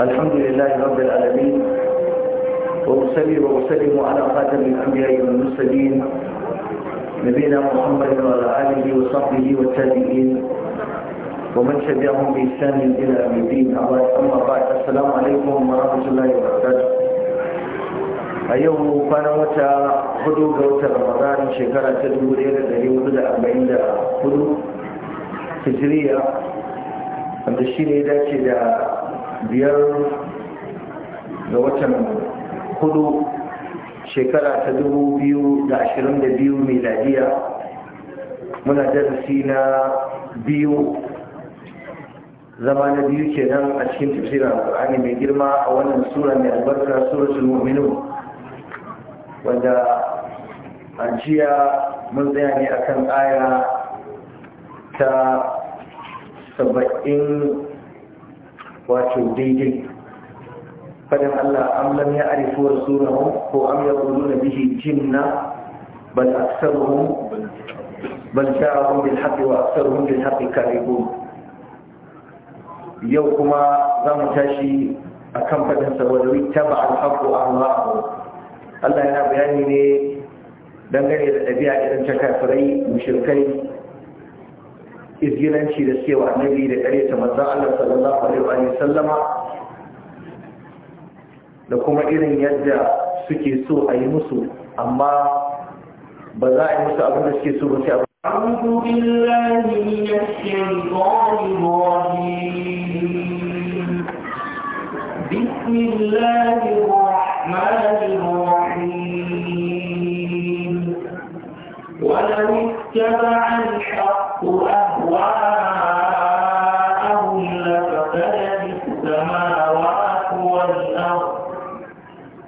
الحمد لله رب العالمين وأصلي وأسلم على خاتم الأنبياء والمرسلين نبينا محمد وعلى آله وصحبه والتابعين ومن تبعهم بإحسان إلى يوم الدين أما بعد السلام عليكم ورحمة الله وبركاته أيوه كان متى هدوء قوت رمضان شكرا تدور إلى دليل هدى أربعين هدوء هجرية عند الشيء إذا كده biyar da watan hudu shekara ta dubu biyu da ashirin da biyu miladiya muna darasi na biyu zama na biyu ke nan a cikin tafsirin alƙur'ani mai girma a wannan sura mai albarka suratul mu'minun wanda a jiya mun tsaya ne akan aya ta saba'in wato daidai fadin Allah am lam ya'rifu rasulahum ko am yaquluna bihi jinna bal aktsaruhum bal ja'ahum bil haqqi wa aktsaruhum lil haqqi karibun yau kuma za mu tashi a kan fadin sa wa lawi taba'a al haqqu ahwa'ahu Allah yana bayani ne dangane da ɗabi'a irin ta kafirai mushrikai izgilanci da suke wa annabi da kare ta manzon Allah sallallahu alaihi wa sallama da kuma irin yadda suke so a yi musu amma ba za a yi musu abin da suke so ba sai abin أعوذ بالله من الشيطان الرجيم بسم الله الرحمن الرحيم ولو اتبع الحق أهل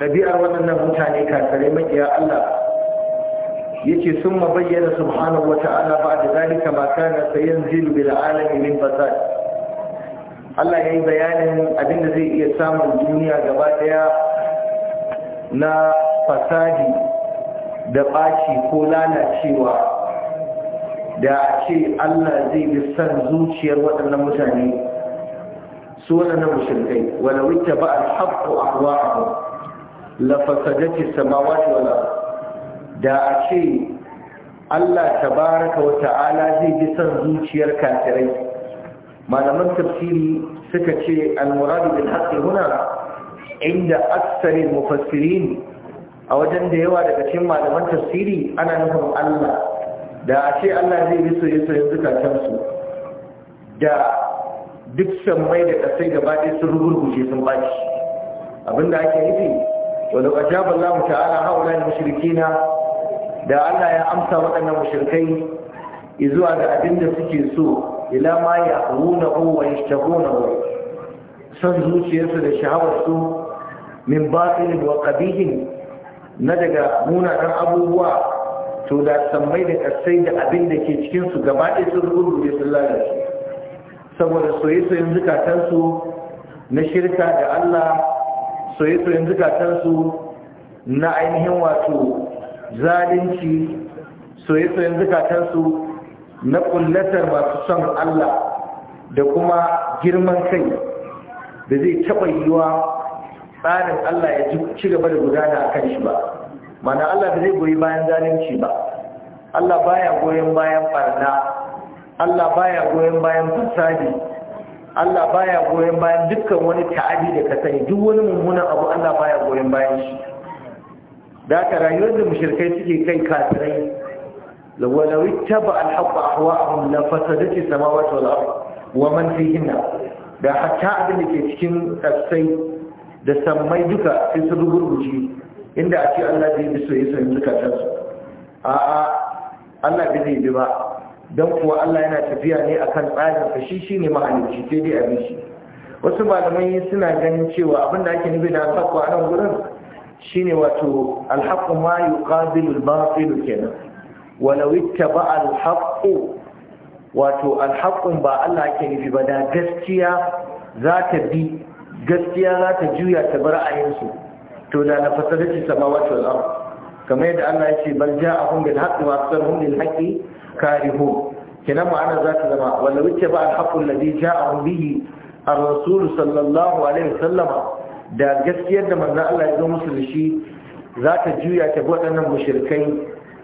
ɗabi'ar waɗannan mutane kakare makiya Allah yace sun bayyana subhanahu wa ta'ala ba da zalika ma kana sayanzilu bil alami min fasad Allah yayi bayanin abinda zai iya samun duniya gaba ɗaya na fasadi da ɓaci ko lalacewa da a ce Allah zai bi san zuciyar waɗannan mutane su waɗannan mushrikai wala witta ba al-haqqu ahwa'ahum lafasadati samawati wal da a ce Allah tabaraka wa ta'ala zai bi san zuciyar kafirai malaman tafsiri suka ce al muradu bil haqqi huna inda aksarin mufassirin a wajen da yawa daga cikin malaman tafsiri ana nufin Allah da a ce Allah zai bi soyayyen su, da duk mai da kasai gaba ɗaya sun rugurguje sun baci abinda ake nufi ولو أجاب الله mu ta'ala المشركين da Allah ya amsa waɗannan mushrikai zuwa ga abinda suke so ila ma ya runa wa son zuciyarsu da shahawarsu min batil wa qabihin na daga munanan abubuwa to da sammai da kasai da abin ke cikin su gaba ɗaya sun rurrube sun lalace saboda soyayyen zukatansu na shirka da Allah soye zukatansu na ainihin wato zalunci soye-soyen zukatansu na kullatar masu son Allah da kuma girman kai da zai taɓa yiwa tsarin Allah ya ci gaba da gudana a kan shi ba mana Allah da zai goyi bayan zalunci ba Allah baya goyon bayan farna Allah baya goyon bayan fasadi Allah baya goyon bayan dukkan wani ta'adi da ka sani duk wani mummunan abu Allah baya goyon bayan shi da haka rayuwar da mushrikai suke kai kafirai lawalau ittaba al-haqq ahwa'ahum la fasadati samawati wal ard wa man fihinna da hatta abin da ke cikin tsatsai da sammai duka sai su rugurguje inda a ce Allah zai bi soyayya soyayya zakatansu a'a Allah bai zai bi ba don kuwa Allah yana tafiya ne akan tsarin ka shi shine mahalicci sai dai abin shi wasu malamai suna ganin cewa abin da ake nufi da alhaqqu a nan gurin shine wato alhaqqu ma yuqabilu al-batil kenan walau ittaba alhaqqu wato alhaqqun ba Allah ake nufi ba da gaskiya za ta bi gaskiya za ta juya ta bar ayinsu to da na fasadati samawati wal ard kamar yadda Allah ya ce bal ja'ahum bil haqqi wa aktharuhum lil haqqi karihun kenan ma'ana za ta zama wanda wuce ba alhaƙun da zai ja a bihi a rasulu sallallahu alaihi wasallama da gaskiyar da manzon Allah ya zo musu da shi za ta juya ta bi waɗannan mushrikai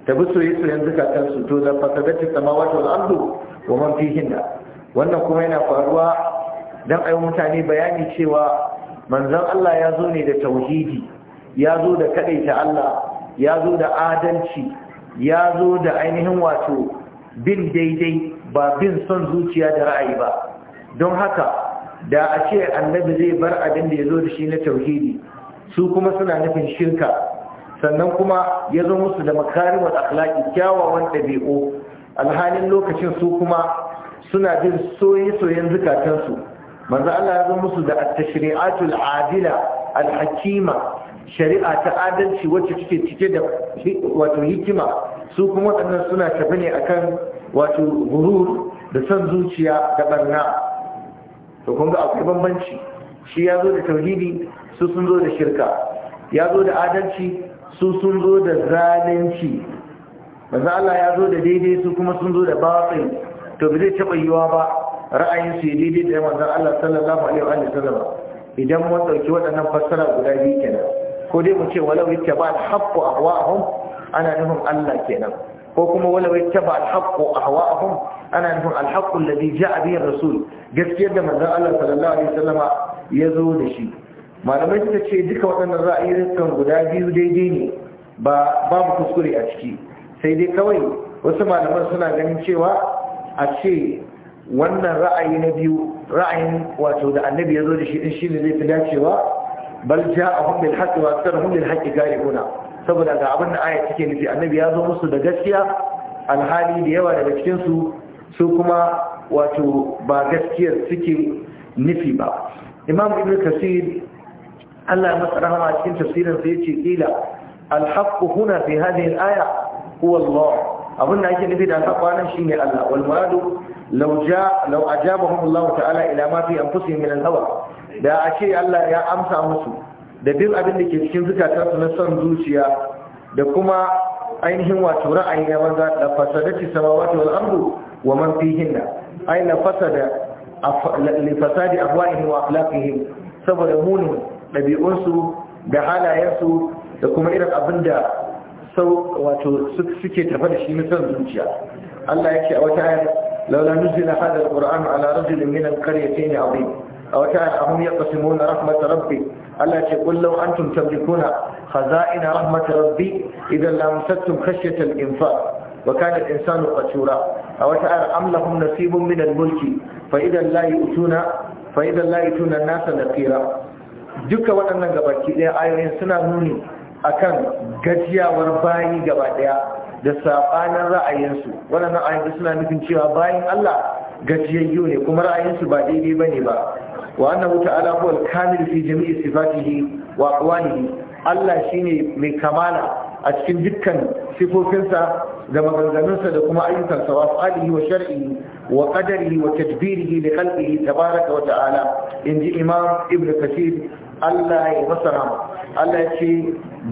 ta bi soye-soyen zukatansu to da fasadatu samawati wal ardu wa man fihinna wannan kuma yana faruwa dan ayi mutane bayani cewa manzan Allah ya zo ne da tauhidi ya zo da kadaita Allah ya zo da adalci ya zo da ainihin wato bin daidai ba bin son zuciya da ra'ayi ba don haka da a ce annabi zai bar abin da ya zo da shi na tauhidi su kuma suna nufin shirka sannan kuma ya zo musu da makarimar akhlaki kyawawan ɗabi'u alhalin lokacin su kuma suna bin soye-soyen zukatansu manzo Allah ya zo musu da at-tashri'atul adila al-hakima shari'a ta adalci wacce take cike da wato hikima su kuma waɗannan suna tafi ne akan wato gurur da son zuciya da ɓarna to kun ga akwai bambanci shi ya zo da tauhidi su sun zo da shirka ya zo da adalci su sun zo da zalunci manzo Allah ya zo da daidai su kuma sun zo da batil to ba zai taɓa yiwa ba ra'ayin su daidai da manzo Allah sallallahu alaihi wa sallam idan mun dauki waɗannan fassara guda biyu kenan ko dai mu ce walau yattaba al-haqqu ahwa'ahum ana nufin Allah kenan ko kuma wala wai taba alhaqqu ahwa'ahum ana nufin alhaqqu alladhi ja'a bihi rasul gaskiyar da manzon Allah sallallahu alaihi wasallama ya zo da shi malamai suka ce duka waɗannan ra'ayoyin guda biyu daidai ne ba babu kuskure a ciki sai dai kawai wasu malaman suna ganin cewa a ce wannan ra'ayi na biyu ra'ayin wato da annabi ya zo da shi din shine zai fi dacewa bal ja'ahum bil haqqi wa aktharuhum lil haqqi karihuna saboda ga abin da aya take nufi annabi ya zo musu da gaskiya alhali da yawa daga cikinsu su kuma wato ba gaskiyar suke nufi ba imam ibn kasir Allah ya masa rahama cikin tafsirin sa yace kila alhaq huna fi hadhihi alaya huwa Allah abin da ake nufi da alhaq nan shine Allah wal muradu law Allah ta'ala ila ma fi anfusihim min da ake Allah ya amsa musu da bin abin da ke cikin zukatarsu na son zuciya da kuma ainihin wato ra'ayi na banza da fasadati samawati wal ardu wa man fihinna ay la fasada li fasadi afwahihim wa akhlaqihim saboda munin dabi'unsu da halayensu da kuma irin abin da sau wato suke tafa da shi na son zuciya Allah yake a wata ayar laula nuzila hadha alquran ala rajulin min alqaryatayn azim a wata ayar ahum yaqsimuna rahmat rabbik Allah ce kullum antum kaza khaza'ina rahmat rabbi idan lam tattum khashyata al-infaq wa kana al-insanu qatura aw ta'ar am nasibun min al-mulki fa idan la yutuna fa idan la yutuna an-nasa naqira duka waɗannan gabaki ayoyin suna nuni akan gajiyawar bayi gabaɗaya, ɗaya da sabanin ra'ayinsu waɗannan ayoyin suna nufin cewa bayin Allah gajiyayyu ne kuma ra'ayinsu ba daidai bane ba wannan wuta ala huwa kamil fi jami'i sifatihi wa aqwalihi Allah shine mai kamala a cikin dukkan sifofinsa da maganganunsa da kuma ayyukansa wa fa'alihi wa shar'ihi wa qadarihi da tadbirihi li baraka tabaraka wa ta'ala inji imam ibnu kathir Allah ya masa rahama Allah ya ce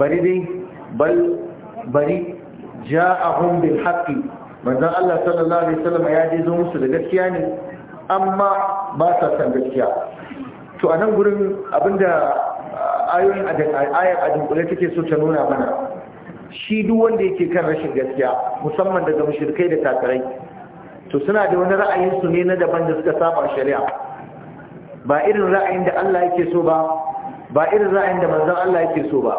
bari dai bal bari ja'ahum bil haqqi manzon Allah sallallahu alaihi wasallam ya je zo musu da gaskiya ne amma ba sa san gaskiya to a nan gurin abinda ayoyin ayar a dunkule take so ta nuna mana shi duk wanda yake kan rashin gaskiya musamman daga mushrikai da kafirai to suna da wani ra'ayi su ne na daban da suka saba shari'a ba irin ra'ayin da Allah yake so ba ba irin ra'ayin da manzon Allah yake so ba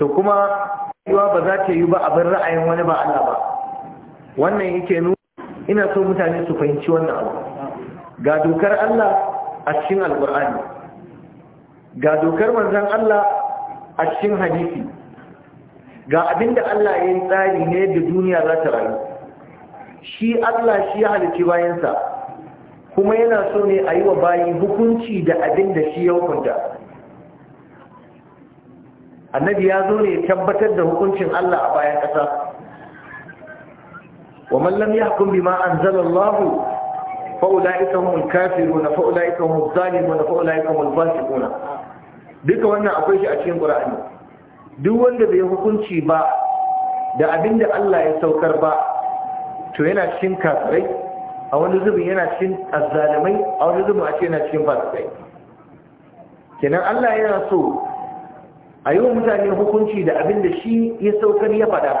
to kuma yiwa ba za ta yi ba abin ra'ayin wani ba Allah ba wannan yake nuna ina so mutane su fahimci wannan abu ga dokar Allah a cikin alkur'ani ga dokar manzon Allah a cikin hadisi ga abinda Allah ya yi tsari ne da duniya za ta rayu shi Allah shi ya halice bayansa kuma yana so ne a yi wa bayi hukunci da abinda shi ya hukunta annabi ya zo ne ya tabbatar da hukuncin Allah a bayan ƙasa wa mallam ya hukun bi ma anzalallahu fa'ula'ika hum kafiruna fa'ula'ika hum zalimuna fa'ula'ika hum fasiquna duka wannan akwai shi a cikin Qur'ani duk wanda bai hukunci ba da abinda Allah ya saukar ba to yana cikin kafirai a wani zubi yana cikin azzalimai a wani zubi a ce yana cikin fasikai kenan Allah yana so a yi wa mutane hukunci da abinda shi ya saukar ya faɗa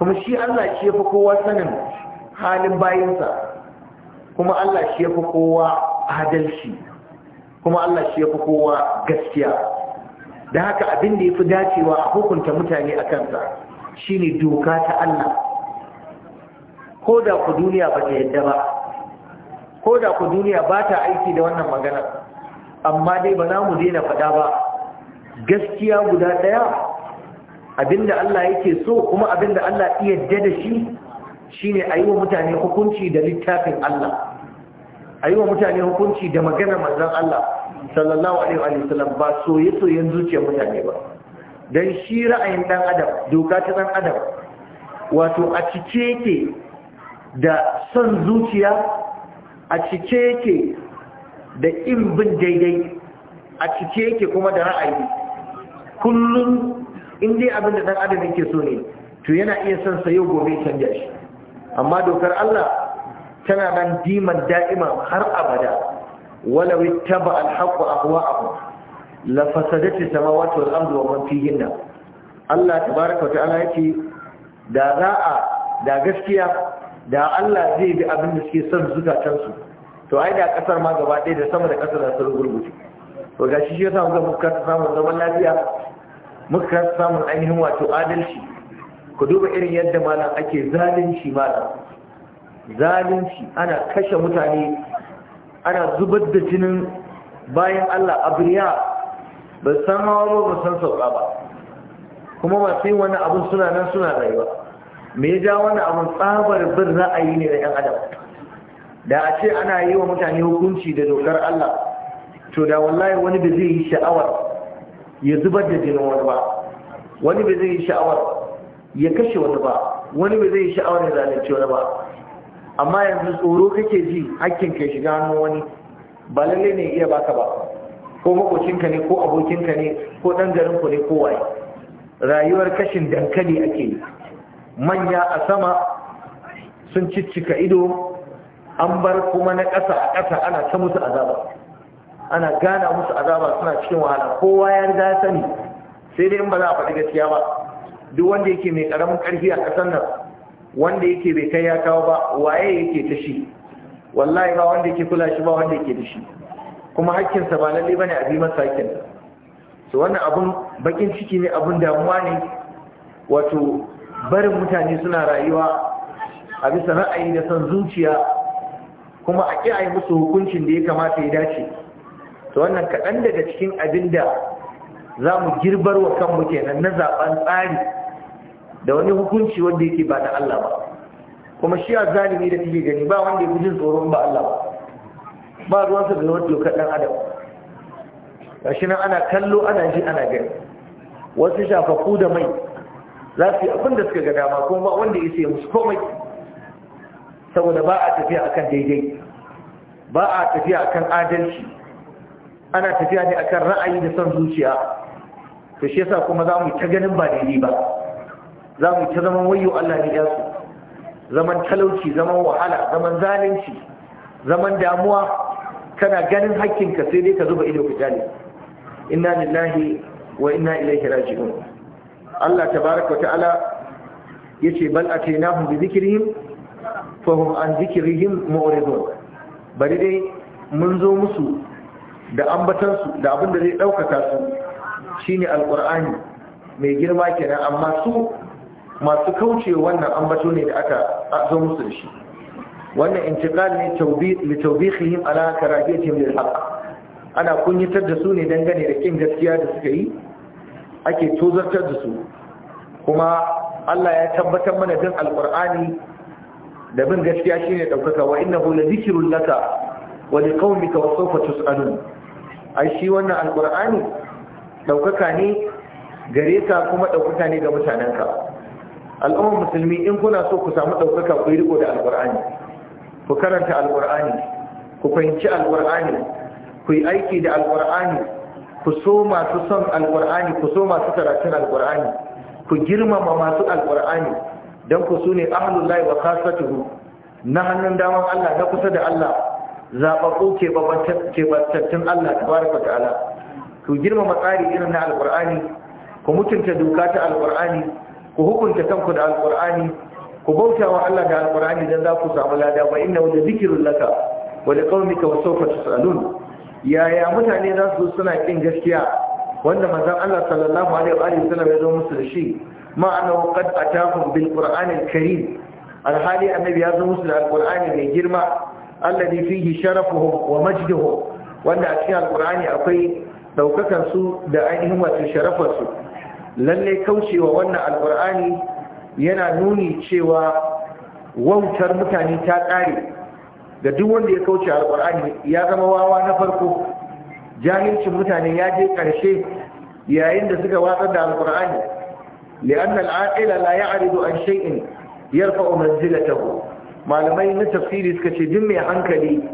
kuma shi Allah shi ya fi kowa sanin halin bayinsa kuma Allah shi ya fi kowa adalci kuma Allah shi ya fi kowa gaskiya da haka abin da ya fi dacewa a hukunta mutane a kansa shi ne doka ta Allah ko da ku duniya ba ta yadda ba ko da ku duniya ba ta aiki da wannan magana amma dai ba za mu daina faɗa ba gaskiya guda ɗaya abinda Allah yake so kuma abin da Allah iya da shi shine a yi wa mutane hukunci da littafin Allah a yi wa mutane hukunci da magana manzan Allah sallallahu alaihi wa ba soye-soyen zuciya mutane ba don shi ra'ayin ɗan adam doka ta ɗan adam wato a cike yake da son zuciya a cike yake da in bin daidai a cike yake kuma da ra'ayi kullum in dai abin da ɗan adam yake so ne to yana iya son sa yau gobe canja shi amma dokar Allah tana nan diman da'ima har abada wala wittaba al ahwa'ahu la fasadati samawati wal ardu wa man fihinna Allah tabaaraka wa ta'ala yake da za'a da gaskiya da Allah zai bi abin da suke son zukatan su to ai da kasar ma gaba ɗaya da sama da kasar da sun gurgurce to gashi shi yasa muka ta samu zaman lafiya muka samu ainihin wato adalci ku duba irin yadda malam ake zalunci malam zalunci ana kashe mutane ana zubar da jinin bayan Allah abriya ba san hawa ba san sauka ba kuma masu yin wani abin suna nan suna rayuwa me ya ja wani abin tsabar bin ra'ayi ne da 'yan adam da a ce ana yi wa mutane hukunci da dokar Allah to da wallahi wani ba zai yi sha'awar ya zubar da jinin wani ba wani ba zai yi sha'awar ya kashe wani ba wani ba zai yi sha'awar ya zalunci wani ba amma yanzu tsoro kake ji hakkin ka shiga hannun wani ba lalle ne iya baka ba ko makocinka ne ko abokinka ne ko ɗan garin ku ne ko waye rayuwar kashin dankali ake yi manya a sama sun ciccika ido an bar kuma na ƙasa a ƙasa ana ta musu azaba ana gana musu azaba suna cikin wahala kowa ya riga sani sai dai in ba za a faɗi gaskiya ba duk wanda yake mai ƙaramin ƙarfi a ƙasar nan wanda yake bai kai ya kawo ba waye yake ta shi wallahi ba wanda yake kula shi ba wanda yake da shi kuma hakkinsa ba lalle bane a bi masa hakkinsa so wannan abun bakin ciki ne abun damuwa ne wato barin mutane suna rayuwa a bisa ra'ayi da san zuciya kuma a ƙi a yi musu hukuncin da ya kamata ya dace to wannan kaɗan daga cikin abin da za mu girbar wa kanmu kenan na zaɓen tsari da wani hukunci wanda yake ba da Allah ba kuma shi a zalimi da take gani ba wanda ya jin tsoron ba Allah ba ba ruwansa da wani dokar ɗan adam shi nan ana kallo ana ji ana gani wasu shafafu da mai za su yi abin da suka ga dama kuma wanda ya sai musu komai saboda ba a tafiya akan daidai ba a tafiya akan adalci ana tafiya ne akan ra'ayi da son zuciya to shi yasa kuma za mu yi ta ganin ba daidai ba za mu ta zaman wayo Allah ne yasu zaman talauci zaman wahala zaman zalunci zaman damuwa kana ganin hakkinka sai dai ka zuba ido ku jale inna lillahi wa inna ilaihi raji'un Allah tabaraka wa ta'ala yace bal atainahum bi dhikrihim fa hum an dhikrihim mu'ridun bari dai mun zo musu da ambatan su da abin da zai daukaka su shine alqur'ani mai girma kenan amma su masu kauce wannan ambato ne da aka zo musu da shi wannan intiqal ne litawbihihim ala karahiyatihim lil haqq ana kunyatar da su ne dangane da kin gaskiya da suka yi ake tozartar da su kuma Allah ya tabbatar mana din alqur'ani da bin gaskiya shine daukaka wa innahu la dhikrun laka wa liqaumika wa sawfa tus'alun ai shi wannan alqur'ani daukaka ne gare ka kuma daukaka ne ga mutanenka al'ummar musulmi in kuna so ku samu ɗaukaka ku yi riko da alƙur'ani ku karanta alƙur'ani ku fahimci alƙur'ani ku yi aiki da alƙur'ani ku so masu son alƙur'ani ku so masu karatun alƙur'ani ku girmama masu alƙur'ani don ku su ne ahlullahi wa na hannun damar Allah na kusa da Allah zaɓaɓɓu keɓantattun Allah wa ta'ala ku girmama tsari irin na alƙur'ani ku mutunta doka ta alƙur'ani ku hukunta kanku da alkur'ani ku bauta wa Allah da alkur'ani dan za ku samu lada wa inna wa dhikrul laka wa liqaumika wa sawfa tusalun yaya mutane za su suna kin gaskiya wanda manzon Allah sallallahu alaihi wa sallam ya zo musu da shi ma'ana qad atahum bil qur'anil karim alhali annabi ya zo musu da alqur'ani mai girma alladhi fihi sharafuhum wa majduhum wanda a cikin alqur'ani akwai daukakan su da ainihin wato sharafar su lalle kaucewa wannan alkur'ani yana nuni cewa wautar mutane ta ƙare ga duk wanda ya kauce alkur'ani ya zama wawa na farko jahilcin mutane ya je ƙarshe yayin da suka watsar da alkur'ani li'anna al'aqila la ya'ridu an shay'in yarfa'u manzilatahu malamai na tafsiri suka ce duk mai hankali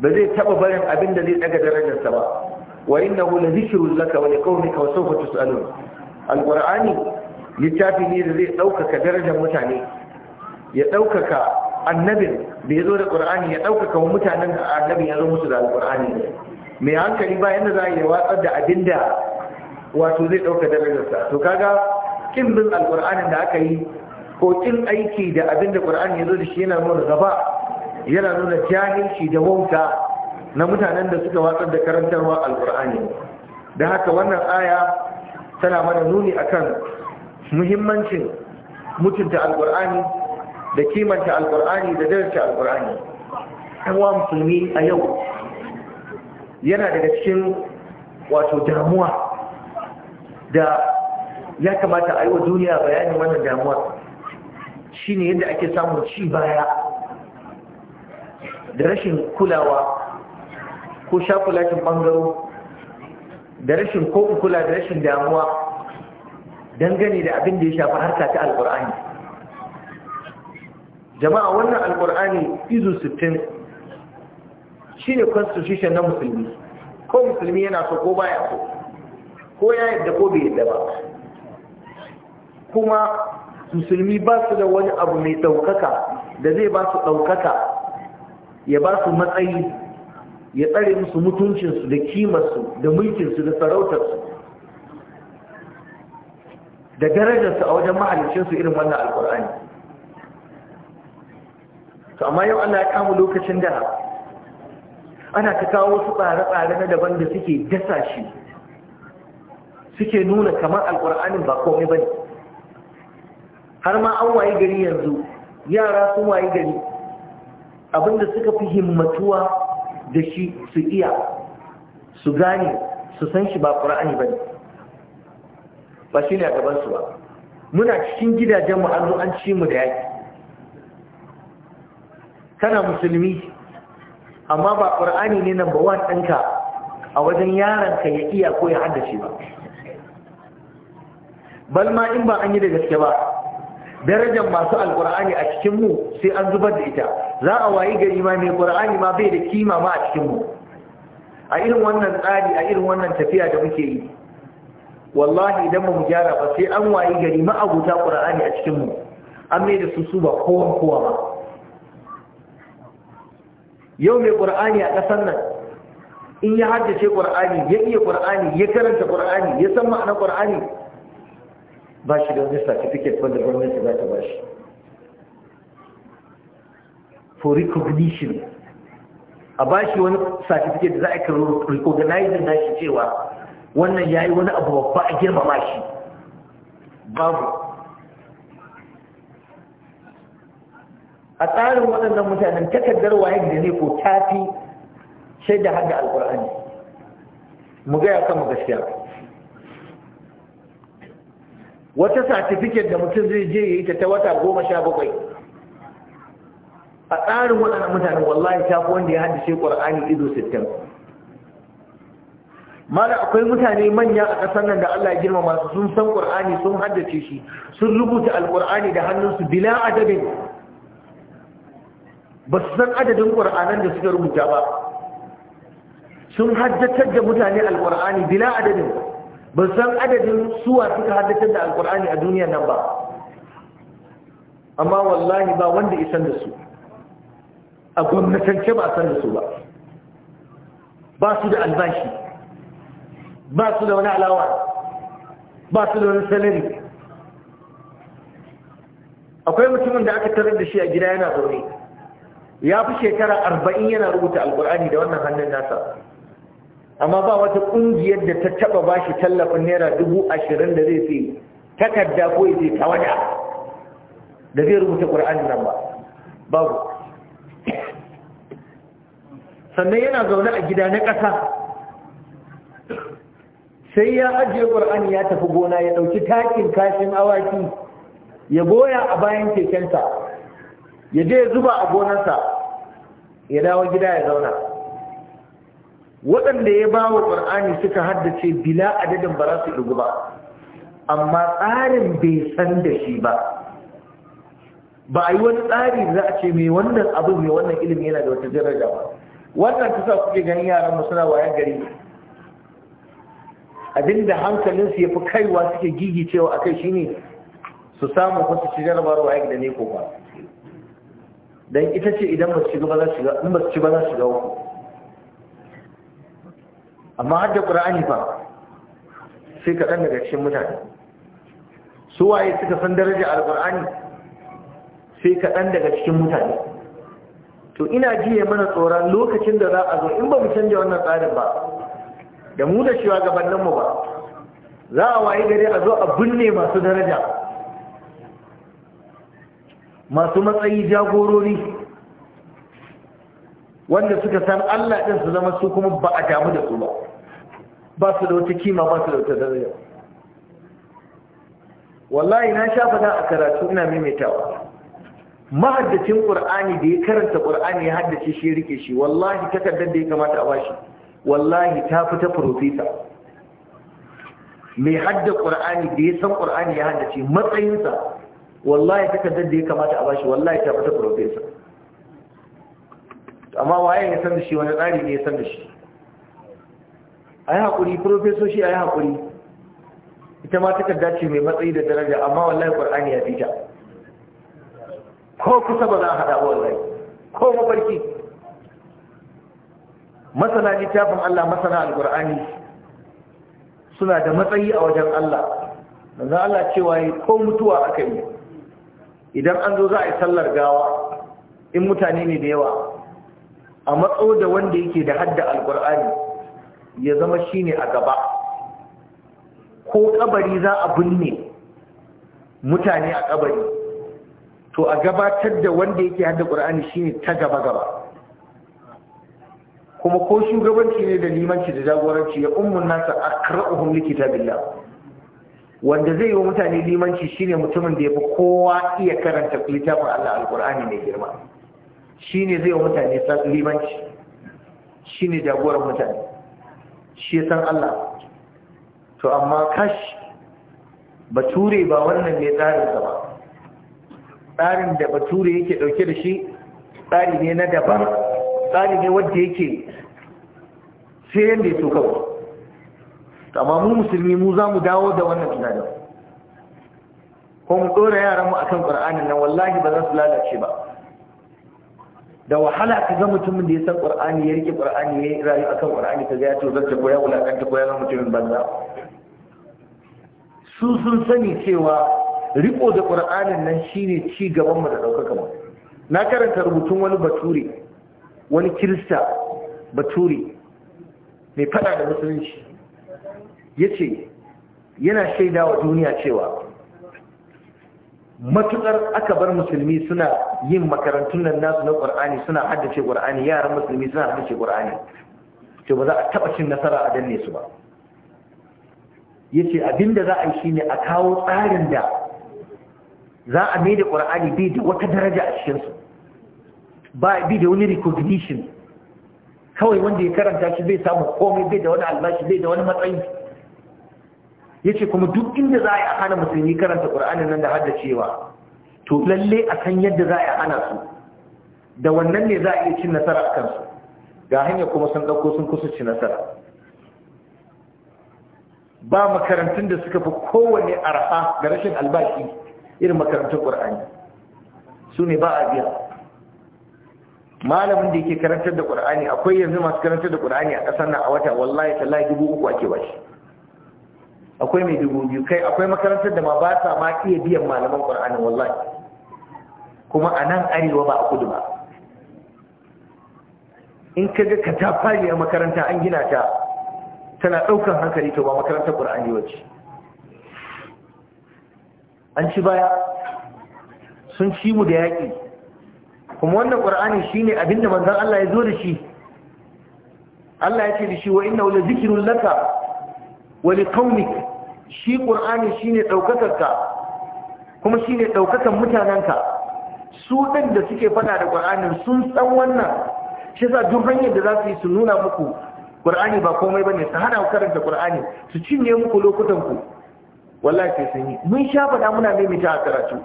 ba zai taba barin abin da zai daga darajarsa ba wa innahu la zikrun laka wa liqaumika wa sawfa tus'alun Alƙur'ani littafi ne da zai ɗaukaka darajar mutane ya ɗaukaka annabin da ya zo da ƙur'ani ya ɗaukaka wa mutanen da annabin ya zo musu da alƙur'ani mai hankali bayan da za a yi watsar da abin da wato zai ɗauka darajarsa to kaga kin bin alƙur'anin da aka yi ko kin aiki da abin da ƙur'ani ya zo da shi yana nuna gaba yana nuna jahilci da wauta na mutanen da suka watsar da karantarwa alƙur'ani da haka wannan aya tana mana nuni akan muhimmancin mutunta alkur'ani da kimanta alkur'ani da darta alkur'ani wa musulmi a yau yana daga cikin wato damuwa da ya kamata a yi wa duniya bayanin wannan damuwa Shi ne yadda ake samun ci baya da rashin kulawa ko lakin ɓangaro da rashin ko kula da rashin damuwa dangane da abin da ya shafi harka ta alkur'ani jama'a wannan alkur'ani izu 60 shine constitution na musulmi ko musulmi yana so ko baya so ko ya yadda ko bai yadda ba kuma musulmi ba su da wani abu mai daukaka da zai ba su daukaka ya ba su matsayi ya tsare musu mutuncinsu da kimarsu da mulkinsu da sarautarsu da darajarsu a wajen mahalicinsu irin wannan alkur'ani to amma yau ana kamu lokacin da ana ta kawo wasu tsare-tsare na daban da suke dasa shi suke nuna kamar alkur'anin ba komai ba ne har ma an waye gari yanzu yara sun waye gari abinda suka fi himmatuwa da shi su iya su gane su san shi ba ƙura'ani ba ne ba shi ne a gabansu ba muna cikin gidajen mu an ci mu da yaki kana musulmi amma ba ƙura'ani ne namba wan ɗinka a wajen yaranka ya iya ko ya haddace ba Balma in ba an yi da gaske ba darajar masu alkur'ani a cikin mu sai an zubar da ita za a wayi gari ma mai qur'ani ma bai da kima ma a cikin mu a irin wannan tsari a irin wannan tafiya da muke yi wallahi idan mu gyara ba sai an wayi gari ma abuta qur'ani a cikin mu an mai da su ba kowan kowa ba yau mai qur'ani a kasar nan in ya haddace qur'ani ya iya qur'ani ya karanta qur'ani ya san ma'anar qur'ani ba shi da wani certificate wanda gwamnati za ta ba shi for recognition a ba shi wani certificate za a ka recognize na shi cewa wannan ya yi wani abu babba a girmama shi babu a tsarin waɗannan mutanen takardar waye da ne ko tafi shaida hada alƙur'ani mu gaya kama gaskiya wata satifiket da mutum zai je ya yi ta ta wata goma sha bakwai a tsarin waɗannan mutane wallahi ta fi wanda ya haddace ƙwar'ani ido sittin mala akwai mutane manya a ƙasar nan da Allah ya girmama su sun san ƙwar'ani sun haddace shi sun rubuta alƙwar'ani da hannunsu bila adadin ba su san adadin ƙwar'anan da suka rubuta ba sun haddatar da mutane alƙwar'ani bila adadin ba san adadin suwa suka haddace da alkur'ani a duniya nan ba amma wallahi ba wanda isan da su a gwamnatance ba san da su ba ba su da albashi ba su da wani alawa ba su da wani salari akwai mutumin da aka tarar da shi a gida yana zaune ya fi shekara arba'in yana rubuta alkur'ani da wannan hannun nasa amma ba wata ƙungiyar da ta taɓa bashi tallafin naira dubu ashirin da zai fi takarda ko ta da zai rubuta ƙur'anin nan ba babu sannan yana zaune a gida na ƙasa sai ya ajiye ƙur'ani ya tafi gona ya ɗauki takin kashin awaki ya goya a bayan kekensa ya je ya zuba a gonarsa ya dawo gida ya zauna waɗanda ya ba wa ƙar'ani suka haddace bila adadin ba za su ɗugu ba amma tsarin bai san da shi ba ba a yi wani tsari za a ce mai wannan abu mai wannan ilimi yana da wata daraja ba wannan ta sa kuke ganin yaran suna wayan gari abinda hankalinsu ya fi kaiwa suke cewa a kai shine su samu kusa shi ci jarabar wayan da ne ko ba don ita ce idan ba su ci ba za su shiga uku amma har da ƙura'ani ba sai kaɗan daga cikin mutane su waye suka san daraja alƙur'ani sai kaɗan daga cikin mutane to ina jiye mana tsoron lokacin da za a zo in ba mu canja wannan tsarin ba da mu da gabaninmu ba za a waye gari a zo a binne masu daraja masu matsayi jagorori wanda suka san Allah din su zama su kuma ba a damu da su ba ba su da wata kima ba su da wata daraja wallahi na sha fada a karatu ina maimaitawa mahaddacin qur'ani da ya karanta qur'ani ya haddace shi rike shi wallahi takardar da ya kamata a bashi wallahi ta fita profesa mai hadda qur'ani da ya san qur'ani ya haddace matsayinsa wallahi takardar da ya kamata a bashi wallahi ta fita profesa amma waye ya san da shi wani tsari ne ya san da shi a yi haƙuri shi a yi haƙuri ita ma takan dace mai matsayi da daraja amma wallahi ƙwar'ani ya fita ko kusa ba za a haɗa wallahi ko mafarki masana littafin Allah masana alƙwar'ani suna da matsayi a wajen Allah manzan Allah cewa yi ko mutuwa aka yi idan an zo za a yi sallar gawa in mutane ne da yawa a matso da wanda yake da hadda alkur'ani ya zama shine a gaba ko kabari za a binne mutane a kabari to a gabatar da wanda yake hadda qur'ani shine ta gaba gaba kuma ko shugabanci ne da limanci da jagoranci ya ummun nasa a ta billa wanda zai yi wa mutane limanci shine mutumin da ya fi kowa iya karanta littafin Allah Alƙur'ani mai girma shi ne zai wa mutane limanci shi ne jagoran mutane shi san Allah to amma kash bature ba wannan ne sa ba tsarin da bature yake dauke da shi tsari ne na daban tsari ne wadda yake sai yadda ya so amma mu musulmi mu za mu dawo da wannan tunanin ko mu ɗora yaranmu akan ƙur'anin nan wallahi ba za su lalace ba da wahala ka ga mutumin da ya san ƙwar'ani ya rike ƙwar'ani ya yi rayu a akan qur'ani kaga ya tozarta ko ya wulaƙanta, ko ya zama mutumin banza su sun sani cewa riko da ƙwar'anin nan shine ci gaban mu da ɗaukaka mu na karanta rubutun wani bature wani kirista bature mai faɗa da musulunci Ya ce yana shaida wa duniya cewa matukar aka bar musulmi suna yin makarantun nan nasu na ƙwar'ani suna haddace ƙwar'ani yaran musulmi suna haddace ƙwar'ani to ba za a taba cin nasara a danne su ba yace abinda za a yi shine a kawo tsarin da za a mai da ƙwar'ani bai da wata daraja a cikin su ba bi da wani recognition kawai wanda ya karanta shi bai samu komai bai da wani albashi bai da wani matsayi Ya ce kuma duk inda za a yi a hana musulmi karanta qur'anin nan da cewa, to lalle a san yadda za a yi a hana su da wannan ne za a iya cin nasara a kansu ga hanyar kuma sun ɗauko sun kusa ci nasara ba makarantun da suka fi kowane arha ga rashin albashi irin makarantun ƙur'ani su ne ba a biya malamin da yake karantar da ƙur'ani akwai yanzu masu karantar da ƙur'ani a ƙasar nan a wata wallahi tallahi dubu uku ake bashi akwai mai dubu biyu kai akwai makarantar da ma ba sa ma iya biyan malaman ƙwar'anin wallahi kuma a nan arewa ba a kudu ba in ka ga katafariyar makaranta an gina ta tana ɗaukar hankali to ba makarantar ƙur'ani wacce an ci baya sun ci mu da yaƙi kuma wannan ƙur'ani shi ne abinda manzan Allah ya zo da shi Allah ya ce da shi wa inna wula zikirun laka wani kaunik shi ƙur'ani shi ne ka kuma shi ne mutanenka su ɗin da suke fada da ƙur'anin sun san wannan shi sa duk hanyar da za su yi su nuna muku ƙur'ani ba komai ba ne su hana karanta ƙur'ani su cinye muku lokutanku wallahi sai sun yi mun sha faɗa muna maimaita a karatu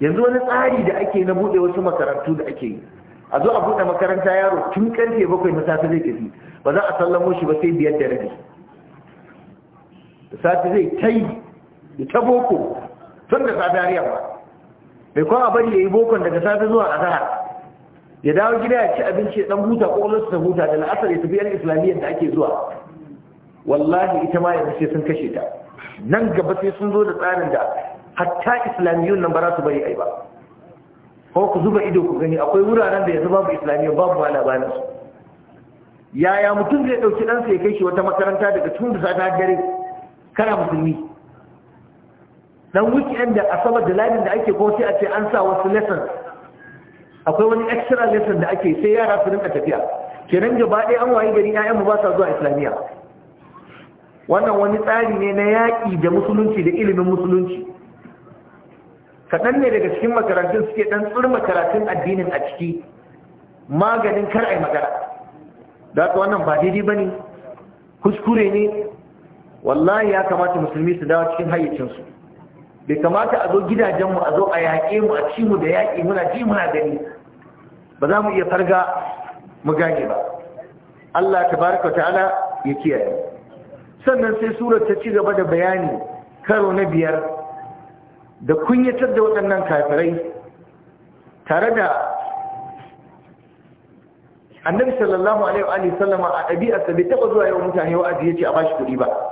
yanzu wani tsari da ake na buɗe wasu makarantu da ake yi a zo a buɗe makaranta yaro tun ƙarfe bakwai na safe zai tafi ba za a sallamo shi ba sai biyar da rabi da sati zai ta yi da ta boko tun da safi har yamma bai kwan abin bari ya yi bokon daga safi zuwa azahar ya dawo gida ya ci abinci ya dan huta su ta huta da la'asar ya tafi yan islamiyyar da ake zuwa wallahi ita ma yanzu sai sun kashe ta nan gaba sai sun zo da tsarin da hatta islamiyyun nan ba za su bari a yi ba ko ku zuba ido ku gani akwai wuraren da yanzu babu islamiyyun babu ma labarin su yaya mutum zai ɗauki ɗansa ya kai shi wata makaranta daga tun da sata dare Kara musulmi dan weekend da asabar da ladin da ake kuma sai a ce an sa wasu lesson akwai wani extra lesson da ake sai yara su rinka tafiya kenan gaba ɗaya an waye gari mu ba sa zuwa islamiyya wannan wani tsari ne na yaƙi da musulunci da ilimin musulunci kaɗan ne daga cikin makarantun suke ɗan tsirma karatun addinin a ciki maganin kar a yi magana da wannan ba daidai ba ne kuskure ne wallahi ya kamata musulmi su dawo cikin hayyacinsu bai kamata a zo gidajenmu a zo a yaƙe mu a ci mu da yaƙi muna ji muna gani ba za mu iya farga mu gane ba Allah Ta baraka ta'ala ya kiyaye sannan sai surar ta ci gaba da bayani karo na biyar da kunyatar da waɗannan kafirai tare da annabi sallallahu alaihi wa sallama a ɗabi'arsa bai taɓa zuwa yau mutane wa'azi ya ce a ba shi kuɗi ba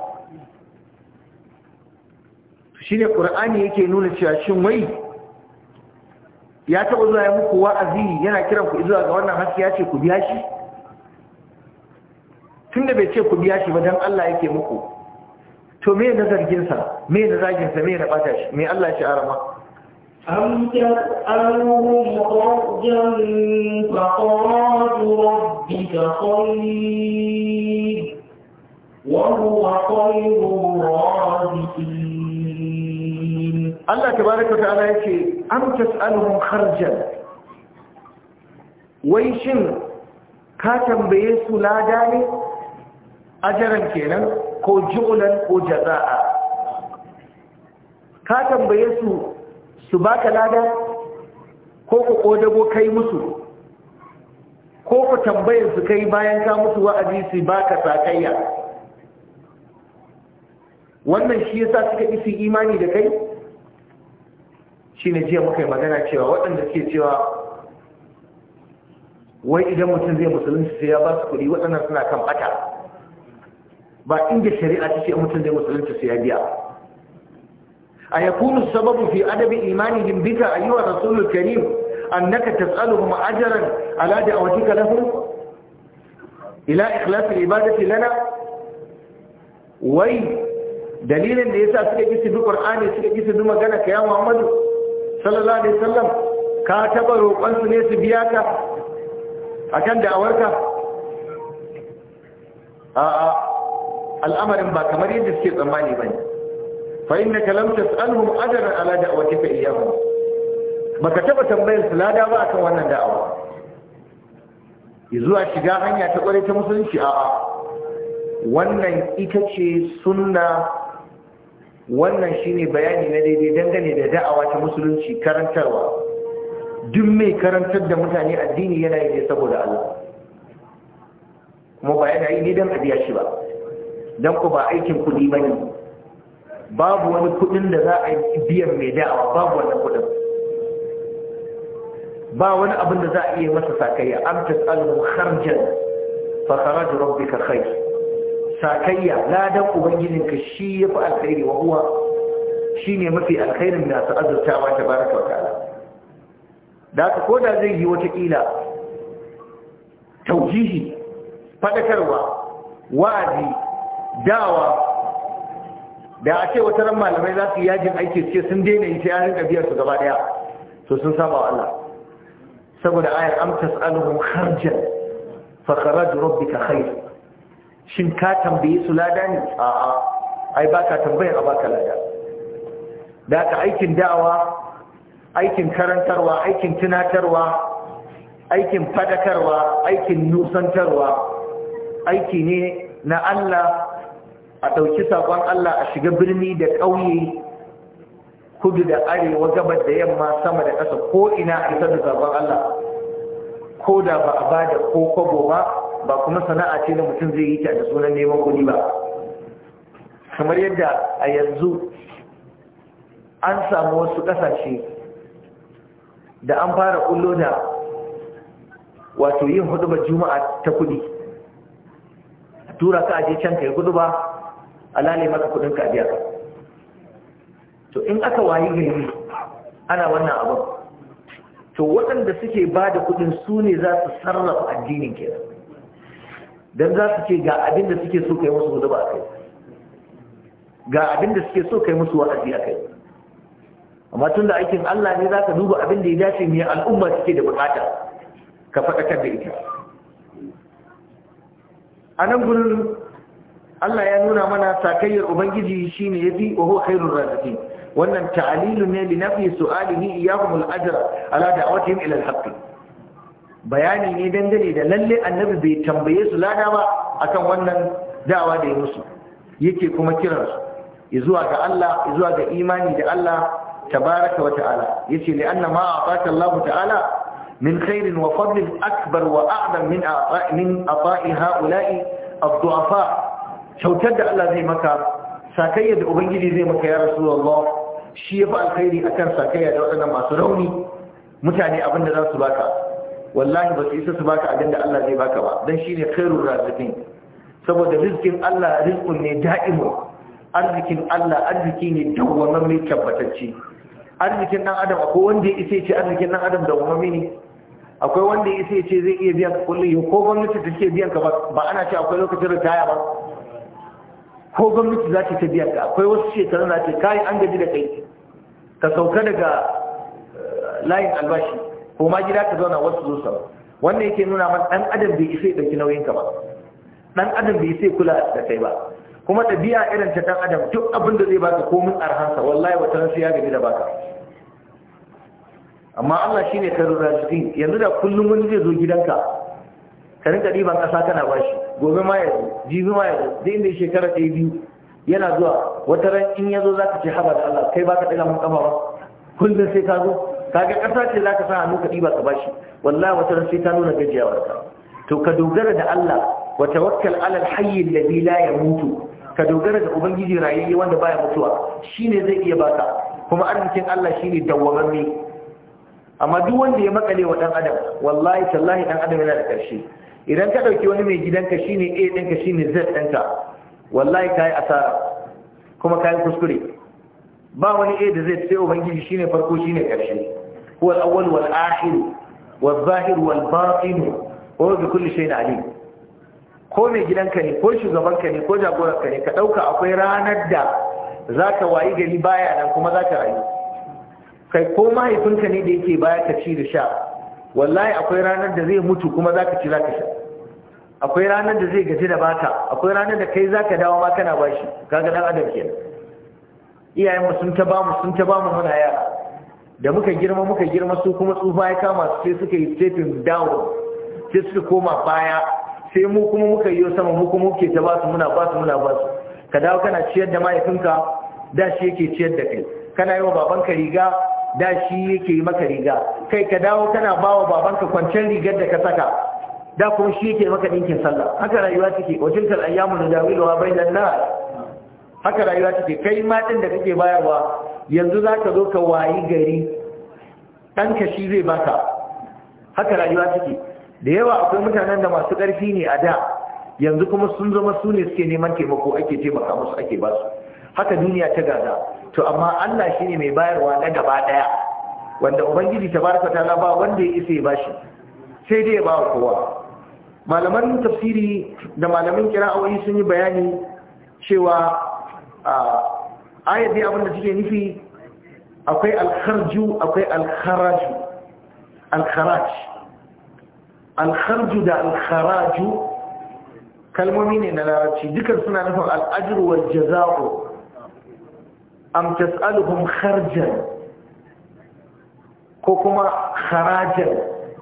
shine qur'ani yake nuna cewa shin wai ya taɓa zuwa ya muku wa'azi yana kiran ku zuwa ga wannan haske ya ce ku biya shi tunda bai ce ku biya shi ba dan Allah yake muku to me na zargin sa me na zagin sa me na bata shi me Allah ya ci arama أم تسألهم خرجا فقرات ربك خير وهو خير الرازقين Allah tabaraka ta'ala yake am tas'aluhum kharjan wai shin ka tambaye su lada ne ajaran kenan ko ju'lan ko jazaa ka tambaye su su baka lada ko ku kodago kai musu ko ku tambayar su kai bayan ka musu wa'azi su baka sakayya wannan shi yasa suka isi imani da kai Shi ne jiya muka yi magana cewa waɗanda ke cewa wai idan mutum zai musulunci sai ya ba su kuɗi waɗannan suna kan ɓata ba inda shari'a ta ce mutum zai musulunci sai ya biya a ya yakunu sababu fi adabi imanihim bika ayyuha rasulul karim annaka tas'aluhum ajran ala da'watika lahum ila ikhlasi ibadati lana wai dalilin da yasa suka ji su bi qur'ani suka ji su bi magana ka ya muhammadu sallallahu alaihi wasallam ka taba roƙon su ne su biya ka akan da'awarka a'a al'amarin ba kamar yadda suke tsammani bane fa innaka lam tas'alhum ajran ala da'watika iyyahum baka taba tambayar su lada ba akan wannan da'awa zuwa shiga hanya ta kware ta musulunci a'a wannan ita ce sunna wannan shine bayani na daidai dangane da da'awa ta musulunci karantarwa duk mai karantar da mutane addini yana yi saboda Allah kuma ba yana yi ne don a biya shi ba Dan ku ba aikin kuɗi ba ne babu wani kuɗin da za a biyan mai da'awa babu wannan kuɗin ba wani abin da za a iya masa sakayya am tas'aluhu kharjan fa kharaju rabbika khair sakayya ladan ubangijinka shi ya fi alkhairi wa huwa shi ne mafi alkhairin da su azurtawa ta baraka wa da haka ko da zai yi watakila taujihi fadakarwa wa'azi dawa da a ce wata ran malamai za su yi yajin aiki ce sun daina yi ta yarin ɗabiyar su gaba ɗaya to sun saba wa Allah saboda ayar amtas alhun harjan fa kharaj rabbika khair shin ka tambaye su lada ne a'a ai ba ka tambayar a baka lada da ka aikin da'awa aikin karantarwa aikin tunatarwa aikin fadakarwa aikin nusantarwa aiki ne na Allah a ɗauki saƙon Allah a shiga birni da ƙauye kudu da arewa gabar da yamma sama da ƙasa ko ina a isar da saƙon Allah ko da ba a ba da ko kwabo ba ba kuma sana'a ce da mutum zai yi ta da sunan neman kuɗi ba kamar yadda a yanzu an samu wasu kasashe da an fara kullo da wato yin hudubar juma'a ta kuɗi tura ka aje can kai kudu ba alale maka kudin ka biya ka to in aka wayi gari ana wannan abin to waɗanda suke ba da kudin su ne za su sarrafa addinin kenan don za su ce ga abin da suke so kai musu hudu ba kai ga abin da suke so kai musu wa'azi a kai amma tun da aikin Allah ne za ka duba abin da ya dace mai al'umma suke da bukata ka faɗakar da ita a nan gudun, Allah ya nuna mana sakayyar ubangiji shi ne ya fi huwa khairur raziqin wannan ta'alilu ne li nafi su'alihi iyyahum al-ajra ala da'watihim ila al-haqq bayani ne dangane da lalle annabi bai tambaye su lada ba akan wannan da'awa da ya musu yake kuma kiransu zuwa ga Allah zuwa ga imani da Allah tabaraka wa ta'ala yace li anna ma ataka Allah ta'ala min khairin wa fadlin akbar wa a'zam min a'ta'i min ata'i ha'ula'i ad-du'afa kyautar da Allah zai maka sakayya da ubangiji zai maka ya rasulullah shi yafi alkhairi akan sakayya da waɗannan masu rauni mutane abinda za su baka wallahi ba su isa su baka abin da Allah zai baka ba dan ne kairun razikin saboda rizkin Allah rizqun ne da'imu arzikin Allah arziki ne dawwamin mai tabbatacci arzikin ɗan adam akwai wanda ya isa ce arzikin ɗan adam dawwamin ne akwai wanda ya isa ce zai iya biyan ka kullum ko gwamnati ta ce biyan ka ba ana ce akwai lokacin ritaya ba ko gwamnati za ta ta biyan ka akwai wasu shekaru na ce kayan an gaji da kai ka sauka daga eh, layin albashi ko ma gida ka zauna wasu zo sama wannan yake nuna mana dan adam bai isa ya dauki nauyin ka ba dan adam bai isa kula da kai ba kuma ɗabi'a irin ta dan adam duk abin da zai baka komin arhansa wallahi wata nasu ya gaji da baka amma Allah shine karin raziki yanzu da kullum wani zai zo gidanka ka rinka ɗiban ƙasa kana bashi gobe ma ya zo, jibi ma ya zo. zai inda shekara ɗaya biyu yana zuwa wata ran in ya zo za ka ce haba da Allah kai ba ka ɗaga mun kafa ba kullum sai ka zo kaga kasa ce za ka sa hannu ka ɗiba ka bashi wallahi wata ran sai ta nuna gajiyawar ka to ka dogara da Allah wa tawakkal ala al-hayy alladhi la yamutu ka dogara da ubangiji rayayye wanda baya mutuwa shine zai iya baka kuma arzikin Allah shine dawwamamme amma duk wanda ya makale wa dan adam wallahi tallahi dan adam yana da karshe idan ka dauki wani mai gidanka shine A dinka, shine Z dinka, wallahi kai asara kuma kai kuskure ba wani ɗaya da zai tsaye ubangiji shine farko shi ne ƙarshe huwa al-awwal wal akhir wal zahir wal batin wa kulle shi na alim ko mai gidanka ne ko shugabanka ne ko jagoranka ne ka ɗauka akwai ranar da za ka wayi gari baya nan kuma za ka rayu kai ko mahaifinka ne da yake baya ka ci da sha wallahi akwai ranar da zai mutu kuma za ka ci ka sha akwai ranar da zai gaji da baka akwai ranar da kai za ka dawo ma kana bashi kaga dan adam kenan iyayenmu sun ta mu sun ta mu muna yara da muka girma muka girma su kuma tsufa ya kama su sai suka yi stepping down sai suka koma baya sai mu kuma muka yi sama mu kuma muke ta basu muna basu muna su ka dawo kana ciyar da mahaifinka da shi yake ciyar da kai kana yi wa babanka riga da shi yake yi maka riga kai ka dawo kana ba wa babanka kwancen rigar da ka saka da kuma shi yake maka ɗinkin sallah haka rayuwa take wajintar ayyamu da bai bainan nas haka rayuwa take kai ma din da kake bayarwa yanzu za ka zo ka wayi gari ɗanka shi zai baka haka rayuwa take da yawa akwai mutanen da masu ƙarfi ne a da yanzu kuma sun zama su ne suke neman taimako ake taimaka musu ake basu haka duniya ta gaza to amma Allah shine mai bayarwa na gaba daya wanda ubangiji tabaraka ta'ala ba wanda ya isa ya bashi sai dai ya ba kowa malaman tafsiri da malamin kira'o'i sun yi bayani cewa ayat dai abinda suke nufi akwai alkharju akwai alkharaju alkharaj alkharju da alkharaju kalmomi ne na larabci duka suna nufin al'ajir wal jaza'u am tas'aluhum kharjan ko kuma kharajan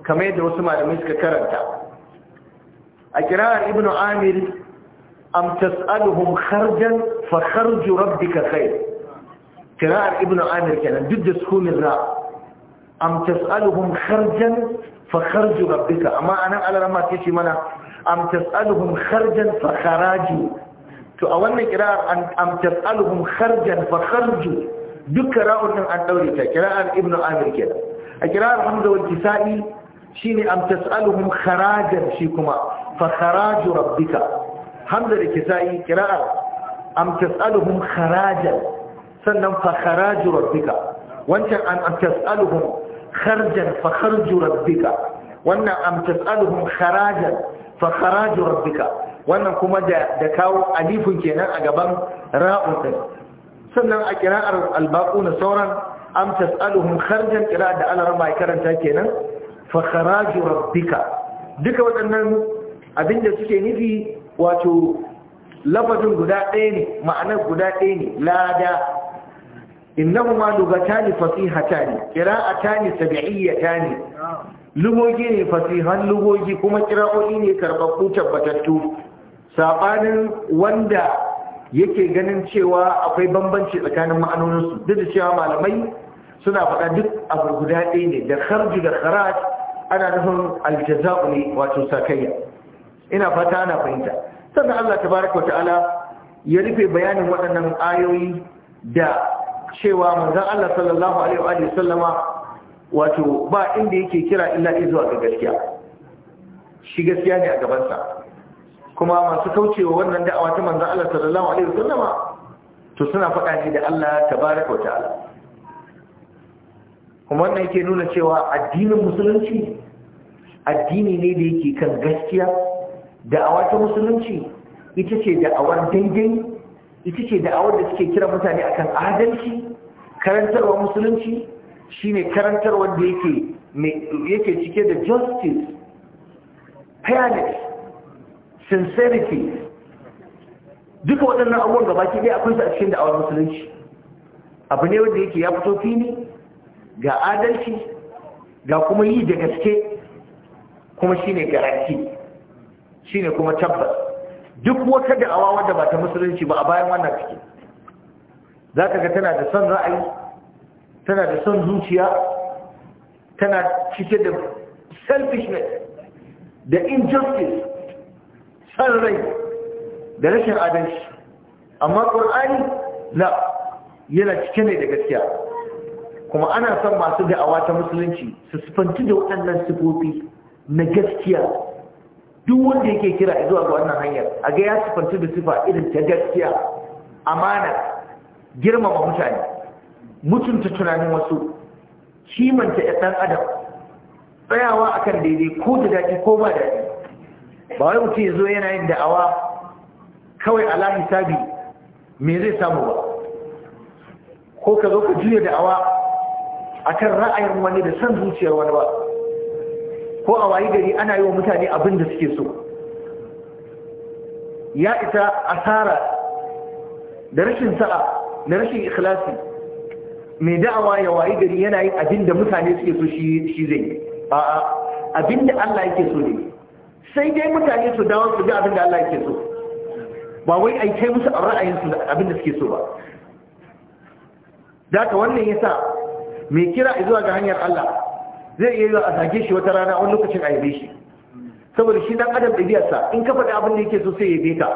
kamar yadda wasu malamai suka karanta a kirar ibnu amir am tas'aluhum kharjan fa kharju rabbika khair qira'at ibn amir kenan duk da sukunin ra am tas'aluhum kharjan fa kharju rabbika amma anan alarama ce mana am tas'aluhum kharjan fa kharaju to a wannan qira'ar am tas'aluhum kharjan fa kharju duk qira'un din an daure ta qira'ar ibn amir kenan a qira'ar hamza wal kisa'i shine am tas'aluhum kharajan shi kuma fa kharaju rabbika hamza da kisa'i kira'ar am tas'aluhum kharajan sannan fa kharaju rabbika wancan an am tas'aluhum kharjan fa kharju rabbika wannan am tas'aluhum kharajan fa kharaju rabbika wannan kuma da da kawo alifun kenan a gaban ra'un din sannan a kira'ar albaquna sauran am tas'aluhum kharjan kira da alarma karanta kenan fa kharaju rabbika duka waɗannan abinda suke nufi wato lafazin guda ɗaya ne ma'anar guda ɗaya ne lada innahuma lugatani fasihatani ta ni lugogi ne fasihan lugogi kuma kira'o'i ne karɓaɓɓu tabbatattu saɓanin wanda yake ganin cewa akwai bambanci tsakanin ma'anoninsu duk da cewa malamai suna faɗa duk abu guda ɗaya ne da kharji da kharaj ana nufin aljaza'u ne wato sakayya ina fata ana fahimta sannan Allah tabaraka ta'ala ya rufe bayanin waɗannan ayoyi da cewa manzan Allah sallallahu alaihi wa sallama wato ba inda yake kira illa zuwa ga gaskiya shi gaskiya ne a gabansa kuma masu kaucewa wannan da'awa ta manzan Allah sallallahu alaihi wa sallama to suna faɗa ne da Allah tabaraka ta'ala kuma wannan yake nuna cewa addinin musulunci addini ne da yake kan gaskiya da'awa ta musulunci ita ce da'awar daidai ita ce da'awar da suke kira mutane akan adalci karantarwa musulunci shine karantarwa da yake yake cike da justice fairness sincerity duka waɗannan abubuwan gabaki ɗaya akwai su a cikin da'awar musulunci abu ne wanda yake ya fito fini, ga adalci ga kuma yi da gaske kuma shine garanti shine kuma tabbas duk wata da'awa wanda ba ta musulunci ba a bayan wannan Za zaka ga tana da son ra'ayi tana da son zuciya tana cike da selfishness da injustice son rai da rashin adalci amma ƙur'ani na yana cike ne da gaskiya kuma ana son masu da'awa ta musulunci su sifanci da waɗannan sifofi na gaskiya duk wanda yake kira zuwa ga wannan hanyar a ga ya sifanci da sifa irin ta gaskiya amana girmama mutane mutunta tunanin wasu kimanta ɗan adam tsayawa akan daidai ko da daɗi ko ba daɗi ba wai mutum ya zo yana yin da'awa kawai ala hisabi me zai samu ba ko ka zo ka juya da'awa akan ra'ayin wani da san zuciyar wani ba ko a wayi gari ana yi wa mutane abin da suke so ya ita asara da rashin sa'a da rashin ikhlasi mai da'awa ya wayi gari yana yin abin da mutane suke so shi zai a'a abin da Allah yake so ne sai dai mutane su dawo su ga abin da Allah yake so ba wai ai kai musu ra'ayinsu abin da suke so ba da ta wannan yasa mai kira zuwa ga hanyar Allah zai iya yi a zage shi wata rana wani lokacin a yabe shi saboda shi dan adam ɗabi'arsa in ka faɗi abin da yake so sai ya yabe ka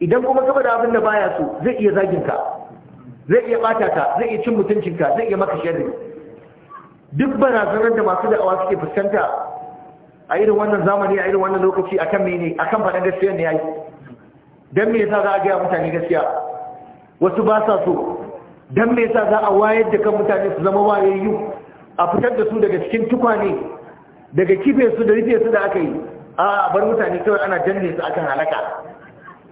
idan kuma ka faɗi abin da baya so zai iya zagin ka zai iya ɓata ka zai iya cin mutuncin ka zai iya maka sharri duk barazanar da masu da'awa suke fuskanta a irin wannan zamani a irin wannan lokaci akan mene akan faɗin gaskiya ne yayi dan me yasa za a gaya mutane gaskiya wasu ba sa so dan me yasa za a wayar da kan mutane su zama wayayyu a fitar da su daga cikin tukwane daga kife su da rufe su da aka yi a bar mutane kawai ana danne su akan halaka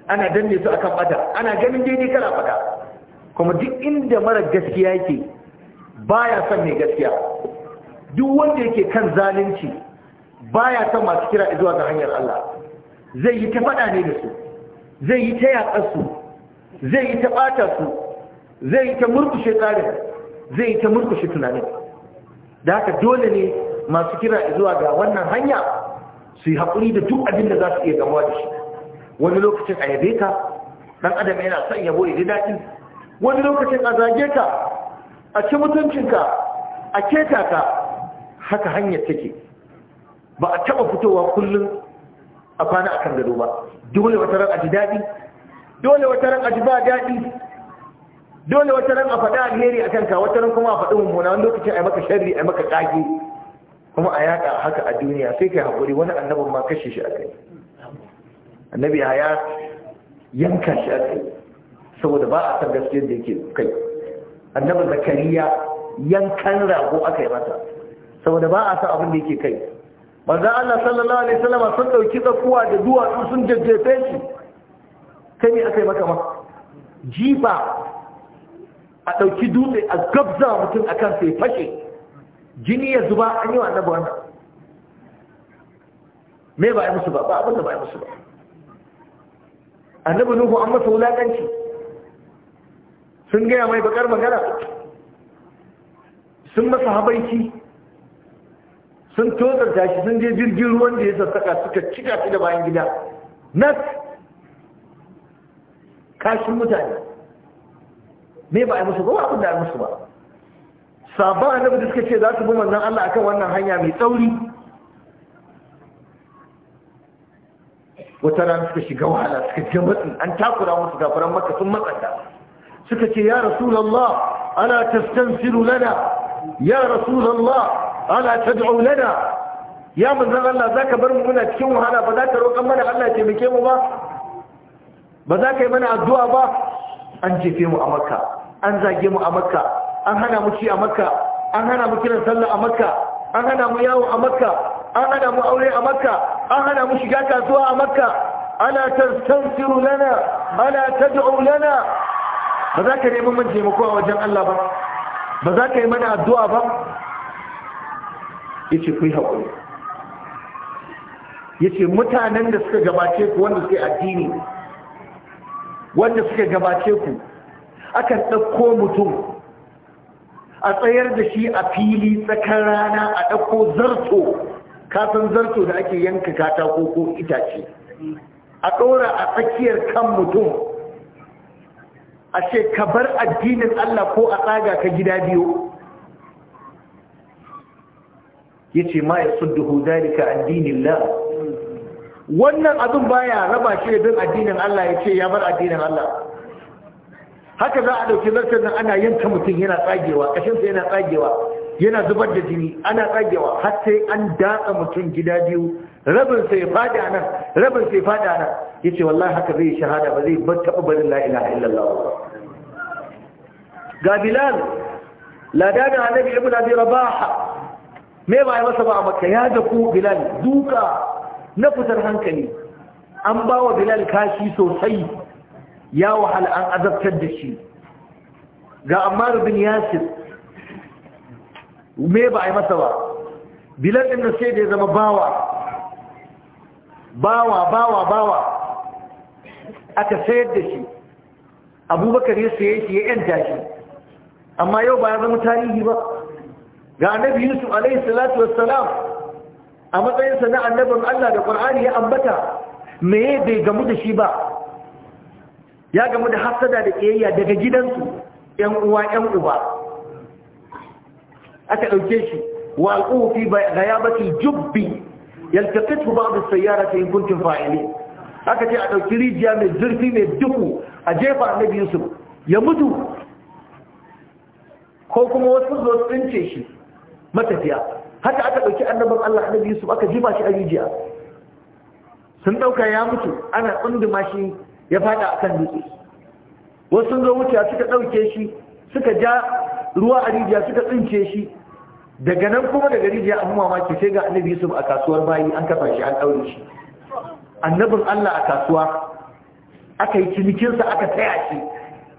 ana danne su akan bata ana ganin daidai kala bada kuma duk inda mara gaskiya yake baya son mai gaskiya duk wanda yake kan zalunci baya son masu kira zuwa ga hanyar Allah zai yi ta fada ne da su zai yi ta yaƙar su zai yi ta ɓata su zai yi ta murkushe tsarin zai yi ta murkushe tunanin da haka dole ne masu kira zuwa ga wannan hanya su yi haƙuri da duk abin da za su iya gamuwa da shi wani lokacin a yabe ka ɗan adam yana son yabo ya daɗi wani lokacin a zage ka a ci mutuncinka a keta ka haka hanyar take ba a taɓa fitowa kullum a kwana a kan gado ba dole wata ran a ji daɗi dole wata ran a ji ba daɗi dole wata ran a faɗi alheri a kanka wata ran kuma a faɗi mummuna wani lokacin a maka sharri a maka ƙage kuma a yaƙa haka a duniya sai kai haƙuri wani annabin ma kashe shi a kai annabi ya yanka shi a kai saboda ba a san gaskiyar da yake kai annabin zakariya yankan rago aka yi mata saboda ba a san abin da yake kai manzo Allah sallallahu alaihi wasallam sun ɗauki tsakuwa da duwatsu sun jajjefe shi kai ne aka yi maka ma jifa a ɗauki dutse a gabza mutum a kan sai fashe jini ya zuba an yi wa annabi wannan me ba yi musu ba ba abinda ba yi musu ba annabi nuhu an masa wulaƙanci sun gaya mai bakar magana sun masa habaiki sun tozarta shi sun je jirgin ruwan da ya sassaka suka cika shi da bayan gida nas kashin mutane me ba a musu ba abin da a musu ba sabon annabi da suka ce za su bi manzon Allah akan wannan hanya mai tsauri wata rana suka shiga wahala suka ji matsi an takura musu gafaran maka sun matsanta suka ce ya rasulullah ala tastansiru lana ya rasulullah ala tad'u lana ya manzon Allah zaka bar mu muna cikin wahala ba za ka roƙan mana Allah ya taimake mu ba ba za ka yi mana addu'a ba an jefe mu a makka an zage mu a makka an hana mu ci a makka an hana mu kiran sallah a makka an hana mu yawo a makka an hana mu aure a makka an hana mu shiga kasuwa a makka ana tastansiru lana ana tad'u lana ba za ka nemi mun taimako a wajen Allah ba ba za ka yi mana addu'a ba yace ku yi haƙuri yace mutanen da suka gabace ku wanda suka addini wanda suka gabace ku aka ɗauko mutum a tsayar da shi a fili tsakar rana a ɗauko zarto kasan zarto da ake yanka katako ko itace a ɗora a tsakiyar kan mutum a ce ka bar addinin Allah ko a tsaga ka gida biyu ya ce ma ya suddu hudarika addinin la wannan abin baya raba shi da bin addinin Allah ya ce ya bar addinin Allah haka za a ɗauki zartar nan ana yanka mutum yana tsagewa ƙashinsa yana tsagewa yana zubar da jini ana tsagewa har sai an datsa mutum gida biyu rabin sai fada nan rabin sai fada nan ce wallahi haka zai shahada ba zai bar taɓa barin la illallah ga bilal lada da annabi ibnu abi rabaha me ba ya masa ba a makka ya da ku bilal duka na fitar hankali an ba wa bilal kashi sosai ya wahala an azabtar da shi ga ammar bin yasir me ba a yi masa ba bilal din da sai da ya zama bawa bawa bawa bawa aka sayar da shi abubakar ya saye shi ya yanta shi amma yau ba ya zama tarihi ba ga annabi yusuf alaihi salatu wassalam a matsayinsa na annabin allah da ƙwar'ani ya ambata me bai gamu da shi ba ya gamu da hasada da ƙiyayya daga gidansu ‘yan uwa ‘yan uba aka ɗauke shi wa al'ufi ga ya baki jubbi yaltaƙit ku ba da sayyara ta yin kuntin fa'ili aka ce a ɗauki rijiya mai zurfi mai duhu a jefa annabi yusuf ya mutu ko kuma wasu zo tsince shi matafiya haka aka ɗauki annabar allah annabi yusuf aka jima shi a rijiya sun ɗauka ya mutu ana tsunduma shi ya fada kan dutse wasu zo wuciya suka ɗauke shi suka ja ruwa a rijiya suka tsince shi daga nan kuma daga rijiya an mamaki sai ga annabi yusuf a kasuwar bayi an kafa shi an ɗaure shi annabin allah a kasuwa aka yi cinikinsa aka taya shi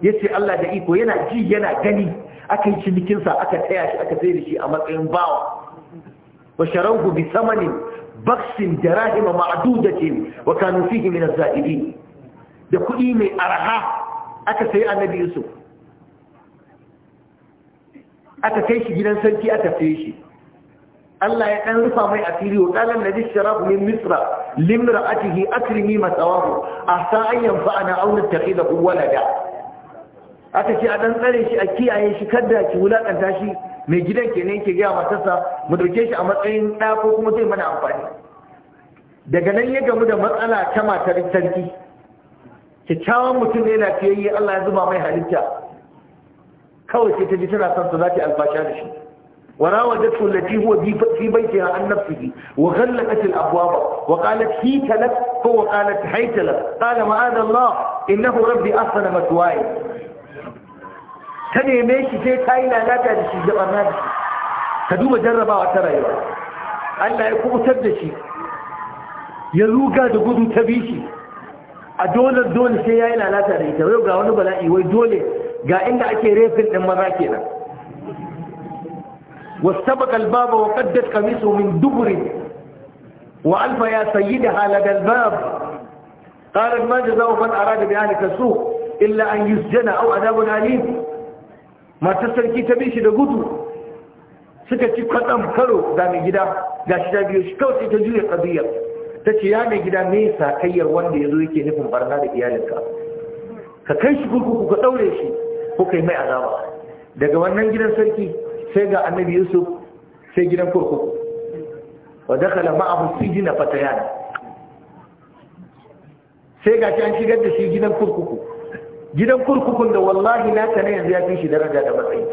ya ce allah da iko yana ji yana gani aka yi cinikinsa aka taya shi aka tsaye da shi a matsayin bawa wa sharanku bi samanin baksin da rahima ma'adudatin wa kanu fihi min az da kuɗi mai araha, aka sai annabi yusuf aka kai shi gidan sarki aka sai shi Allah ya ɗan rufa mai asiri wa ƙalan na sharafu min misra limra a cikin akirmi matsawahu a sa'an yamfa ana auna tafi da da aka ce a ɗan tsare shi a kiyaye shi kadda ki wulaƙanta shi mai gidan kenan yake gaya matarsa mu ɗauke shi a matsayin ɗa ko kuma zai mana amfani daga nan ya gamu da matsala ta matar sarki kyakkyawan mutum ne na fiyayye Allah ya zuba mai halitta kawai sai ta ji tana son su za ta yi alfasha da shi wana waje tullaci huwa fi baiti a an nafi fi wa kalla kacin abuwa ba wa kalat fi talat ko wa kalat haitalat kala ma'adar inna hu rabbi asana matuwaye ta neme shi sai ta yi lalata da shi da barna da shi ta duba jarrabawa ta rayuwa Allah ya kubutar da shi ya ruga da gudu ta bi shi a dole dole sai ya yi lalata da ita ga wani bala'i wai dole ga inda ake refin ɗin maza ke nan wasu ba kalbaba wa ƙaddar kamisu min duburi wa alfa ya sayi da halagar bab ƙarar ma da zama ban ara da bayani ka so illa an yi jana au adabun ali mata sarki ta bishi da gudu suka ci kwaɗan karo da mai gida ga ta biyu shi kawai ta juya ƙabiyar ta ce ya mai gida me kayyar wanda ya zo yake nufin barna da iyalinka ka kai shi kurkuku ka ɗaure shi ko kai mai azaba daga wannan gidan sarki sai ga annabi yusuf sai gidan kurkuku wa dakala ma'ahu sijina fatayana sai ga shi an shigar da shi gidan kurkuku gidan kurkukun da wallahi na ta ne yanzu ya fi shi daraja da matsayi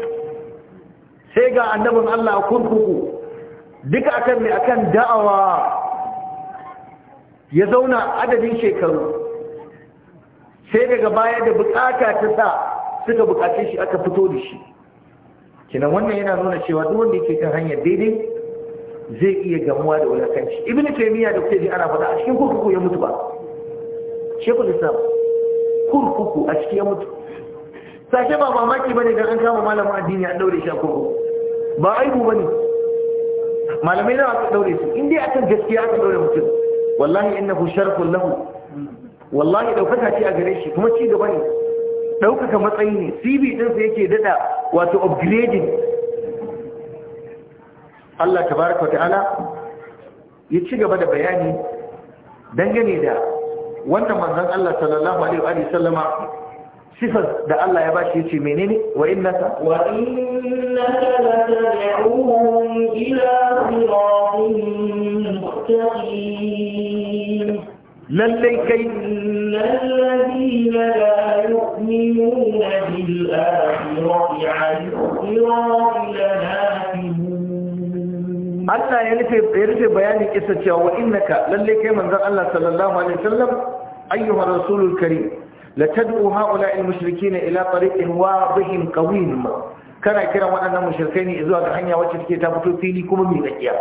sai ga annabin Allah kurkuku duka akan mai akan da'awa ya zauna adadin shekaru sai daga baya da bukata ta sa suka bukace shi aka fito da shi kinan wannan yana nuna cewa duk wanda yake kan hanyar daidai zai iya gamuwa da wulakanci ibn taymiya da kuke ana faɗa a cikin kurkuku ya mutu ba shekul islam kurkuku a cikin ya mutu sashe ba mamaki bane dan an kama malamin addini an daure shi a kurkuku ba aibu bane malamai nawa aka daure su in dai akan gaskiya aka daure mutum wallahi innahu sharfun lahu wallahi daukaka ce a gare shi kuma ci gaba ne daukaka matsayi ne CV ɗinsa yake dada wato upgrading Allah tabaraka wa ta'ala ya ci gaba da bayani dangane da wannan manzon Allah sallallahu alaihi wa sallama sifar da Allah ya bashi yace menene wa innaka wa innaka latad'uhum ila lallai kai Lallai la yu'minuna bil siratin Allah ya nufe ya nufe bayani kisa cewa wa innaka lallai kai manzon Allah sallallahu alaihi wasallam ayyuhar rasulul karim latad'u ha'ula al-mushrikeena ila tariqin wadihin qawim kana kira waɗannan mushrikai ne zuwa ga hanya wacce take ta fito fili kuma mai tsakiya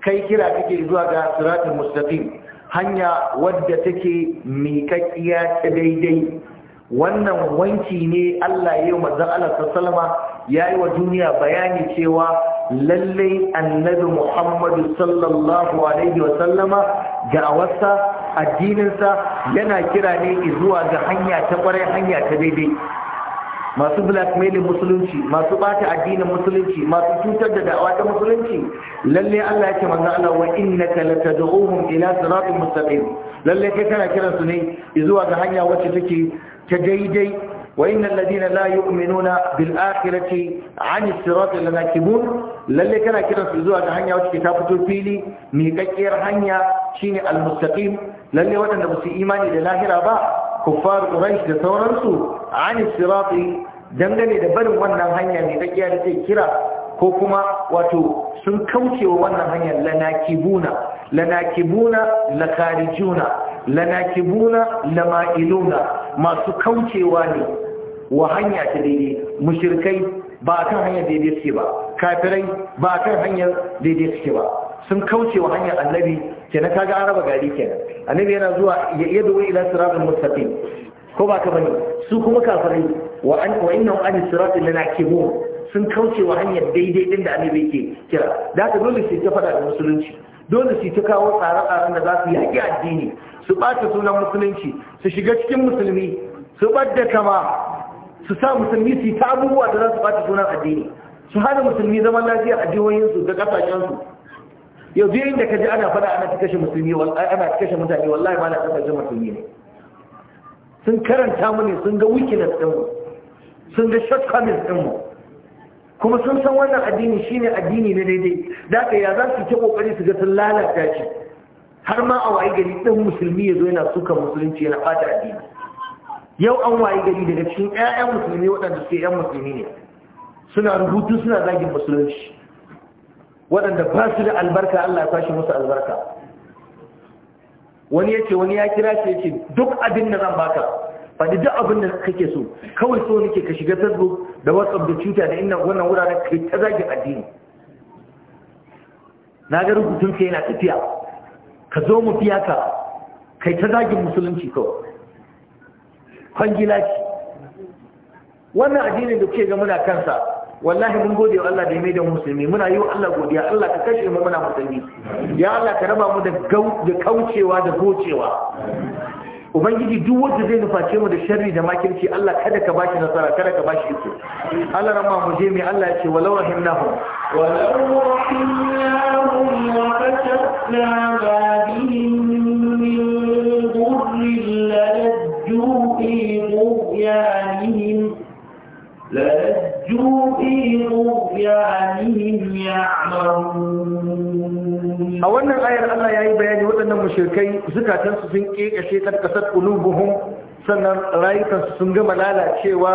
kai kira kake zuwa ga siratul mustaqim hanya wadda take miƙaƙƙiya ta daidai wannan wanki ne Allah ya yi manzon Allah sallama ya yi wa duniya bayani cewa lallai annabi Muhammadu sallallahu alaihi wasallama da'awarsa addininsa yana kira ne zuwa ga hanya ta kwarai hanya ta daidai masu blackmailing musulunci masu bata addinin musulunci masu cutar da da'awa ta musulunci lalle Allah ya yake manzo Allah wa innaka latad'uhum ila siratin mustaqim lalle kai kana kiran su ne zuwa ga hanya wacce take ta daidai wa innal ladina la yu'minuna bil akhirati 'ani sirati lanakibun lalle kana kiran su zuwa ta hanya wacce ta fito fili mi kakkiyar hanya shine al mustaqim lalle waɗanda ba su imani da lahira ba kuffar quraish da sauransu 'ani sirati dangane da barin wannan hanya mi kakkiya da take kira ko kuma wato sun kaucewa wannan hanyar lanakibuna lanakibuna lakarijuna na lama'iluna masu kaucewa ne wa hanya ta daidai mushirkai ba kan hanyar daidai suke ba kafirai ba kan hanyar daidai suke ba sun kaucewa hanyar annabi kenan kaga an raba gari kenan annabi yana zuwa ya yadu ila siratul mustaqim ko ba ka bane su kuma kafirai wa an wa innahu an siratul lanakibun sun kaucewa hanyar daidai din da annabi ke kira da ka dole su ta faɗa da musulunci dole su ta kawo tsare-tsaren da za su yi haƙi addini su ɓata sunan musulunci su shiga cikin musulmi su ɓadda kama su sa musulmi su yi ta abubuwa da za su ɓata sunan addini su hana musulmi zaman lafiya a jihohinsu da ƙasashensu yau duk da ka ji ana faɗa ana kashe musulmi ana kashe mutane wallahi ba na kashe musulmi ne sun karanta mu ne sun ga wikinas mu, sun ga shortcomings mu, kuma sun san wannan addini shine addini na daidai da ka ya za su ta ƙoƙari su ga sun lalata shi har ma a wayi gari ɗan musulmi ya zo yana suka musulunci yana fata addini yau an wayi gari daga cikin 'ya'yan musulmi waɗanda suke 'yan musulmi ne suna rubutu suna zagin musulunci waɗanda ba su da albarka Allah ya kwashe musu albarka wani yace wani ya kira shi yace duk abin da zan baka faɗi duk abin da kake so kawai so nake ka shiga Facebook da WhatsApp da Twitter da inna wannan wuraren kai ta zagin addini na ga rubutun kai yana tafiya ka zo mu fiya ka kai ta zagin musulunci ko kwangila ce wannan addinin da kuke ga muna kansa wallahi mun gode wa Allah da ya maida musulmi muna yi wa Allah godiya Allah ka kashe mu muna musulmi ya Allah ka raba mu da da kaucewa da gocewa ubangiji duk wanda zai nuface mu da sharri da makirci Allah kada ka bashi nasara kada ka bashi iko Allah ramma mu je mai Allah ya ce walau rahimnahum a wannan ayar Allah ya yi bayani waɗannan mashirkai zukatansu sun ƙeƙashe ƙarƙasar ƙulubuhun sannan rayukansu sun gama lalacewa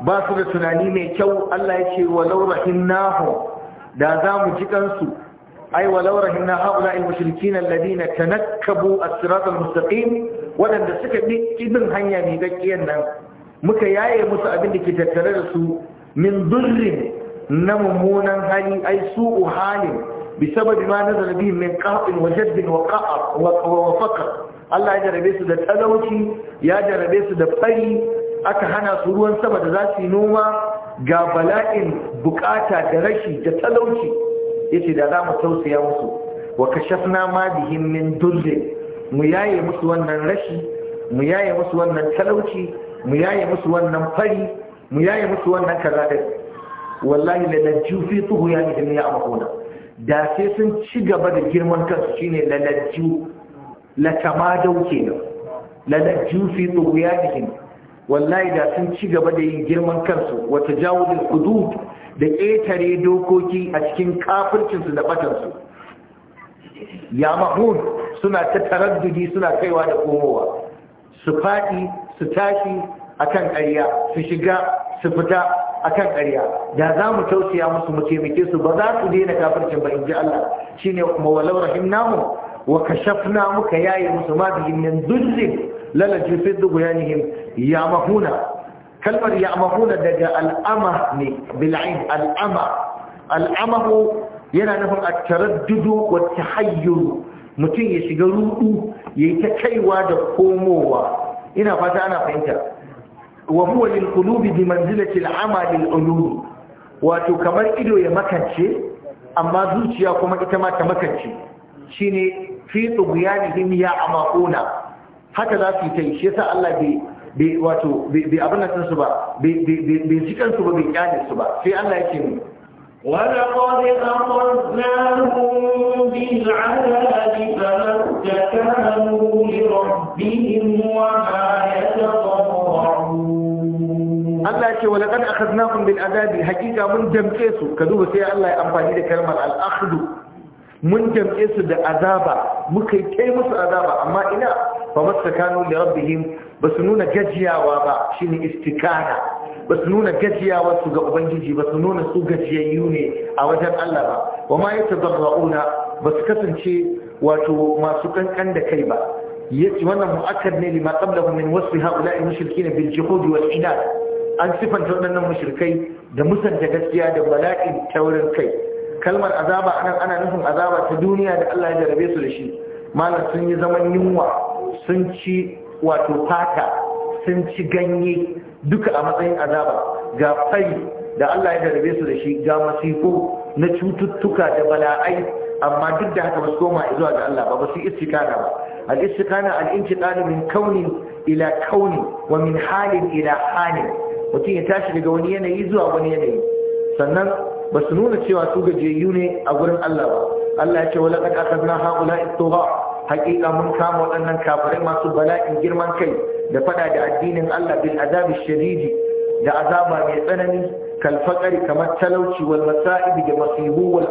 ba su da tunani mai kyau Allah ya ce wa laura hin nahu da za mu ji kansu ai walau rahimna haula al mushrikin alladina tanakkabu as-sirat al-mustaqim wadanda suka bi ibn hanya ne gaskiyan nan muka yaye musu abin da ke tattare da su min durrin na mummunan hali ai su'u halin bisababi ma nazara bihi min qahrin wa jaddin wa qahr wa faqr Allah ya jarabe su da talauci ya jarabe su da fari aka hana su ruwan sama da za su noma ga bala'in bukata da rashi da talauci yace da za mu tausaya musu wa kashafna ma bihim min dulle mu yaye musu wannan rashi mu yaye musu wannan talauci mu yaye musu wannan fari mu yaye musu wannan kaza din wallahi la najju fi ya ya'mahuna da sai sun ci gaba da girman kansu shine la najju la tamadau kenan la najju fi tughyanihim wallahi da sun ci gaba da yin girman kansu wata jawudin hudud da ƙetare dokoki a cikin kafircinsu da batansu ya mahun suna ta taraddudi suna kaiwa da komowa su faɗi su tashi akan ƙarya su shiga su fita akan ƙarya da za mu tausaya musu mu taimake su ba za su daina kafircin ba in ji Allah shine kuma walau rahimnamu wa kashafna muka yaye musu ma bihin min dhullin lalaji fi dhuyanihim yamahuna kalmar yamahuna daga al'ama ne bil'ain al'ama al'amahu yana mutum ya shiga rudu yi ta kaiwa da komowa ina fata ana fahimta wa huwa lil qulubi bi manzilati al-ama lil ulum wato kamar ido ya makance amma zuciya kuma ita ma ta makance shine fi tughyanihim ya amaquna haka za su yi ta yi shi yasa Allah bai bai wato bai abin su ba bai ji kansu ba bai kyale su ba sai Allah yake mu ولقد أخذناهم بالعذاب فما استكانوا لربهم وما يتضرعون الله يقول ولقد أخذناهم بالعذاب حقيقة من جمكيسو كذوب سيئ الله أنفاني لكلمة الأخذ mun jam'e su da azaba muka yi kai musu azaba amma ina ba tsakanin da rabbihim ba su nuna gajiyawa ba ne istikana ba su nuna gajiyawa su ga ubangiji ba su nuna su gajiyayyu ne a wajen Allah ba ba ma yatadarrauna ba su kasance wato masu kankan da kai ba Ya ce wannan mu'akar ne lima qablahu min wasfi ha'ula'i mushrikin na juhud wal inad an sifanta waɗannan mushrikai da musanta gaskiya da bala'in taurin kai kalmar azaba anan ana nufin azaba ta duniya da Allah ya jarabe su da shi malam sun yi zaman yunwa sun ci wato fata sun ci ganye duka a matsayin azaba ga fari da Allah ya jarabe su da shi ga masiko na cututtuka da bala'ai amma duk da haka ba su koma zuwa ga Allah ba ba su istikana ba al-istikana al-intiqalu min kauni ila kauni wa min halin ila halin mutum ya tashi daga wani yanayi zuwa wani yanayi sannan ba su nuna cewa su gajiyayyu ne a gurin Allah ba Allah ya ce wala kad akhadna haula ittugha haqiqa mun kama waɗannan kafirai masu bala'in girman kai da fada da addinin Allah bil azabi shadidi da azaba mai tsanani kal faqari kamar talauci wal masa'ib da masibu wal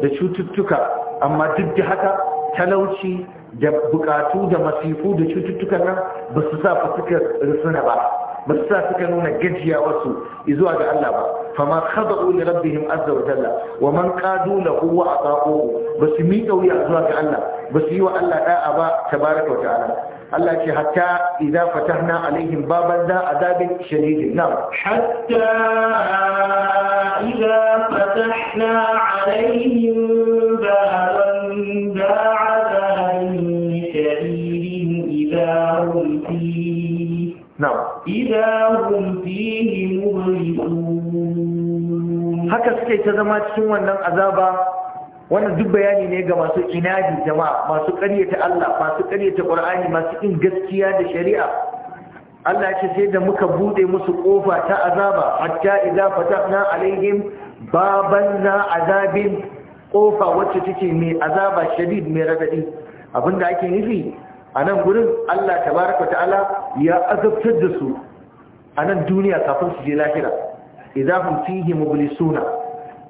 da cututtuka amma duk da haka talauci da bukatu da masifu da cututtukan nan ba su sa fa suka ba ba su sa suka nuna gajiya wasu zuwa ga Allah ba fama khada'u li rabbihim azza wa jalla wa man qadu lahu wa ata'u ba su mi kauya zuwa ga Allah ba su yi wa Allah da'a ba tabaraka wa ta'ala Allah ce hatta idza fatahna alaihim baban da azabin shadidin nam hatta idza fatahna alaihim baban إذا هم فيه مبلسون haka suke ta zama cikin wannan azaba wannan duk bayani ne ga masu inadi jama'a masu ƙaryata Allah masu ƙaryata Qur'ani masu in gaskiya da shari'a Allah ya ce sai da muka bude musu ƙofa ta azaba hatta idza fatahna alaihim baban na azabin ƙofa wacce take mai azaba shadid mai radadi abinda ake nufi a nan gudun, Allah tabaraka ta'ala ya azabtar da su a nan duniya kafin su je lahira idan hum fihi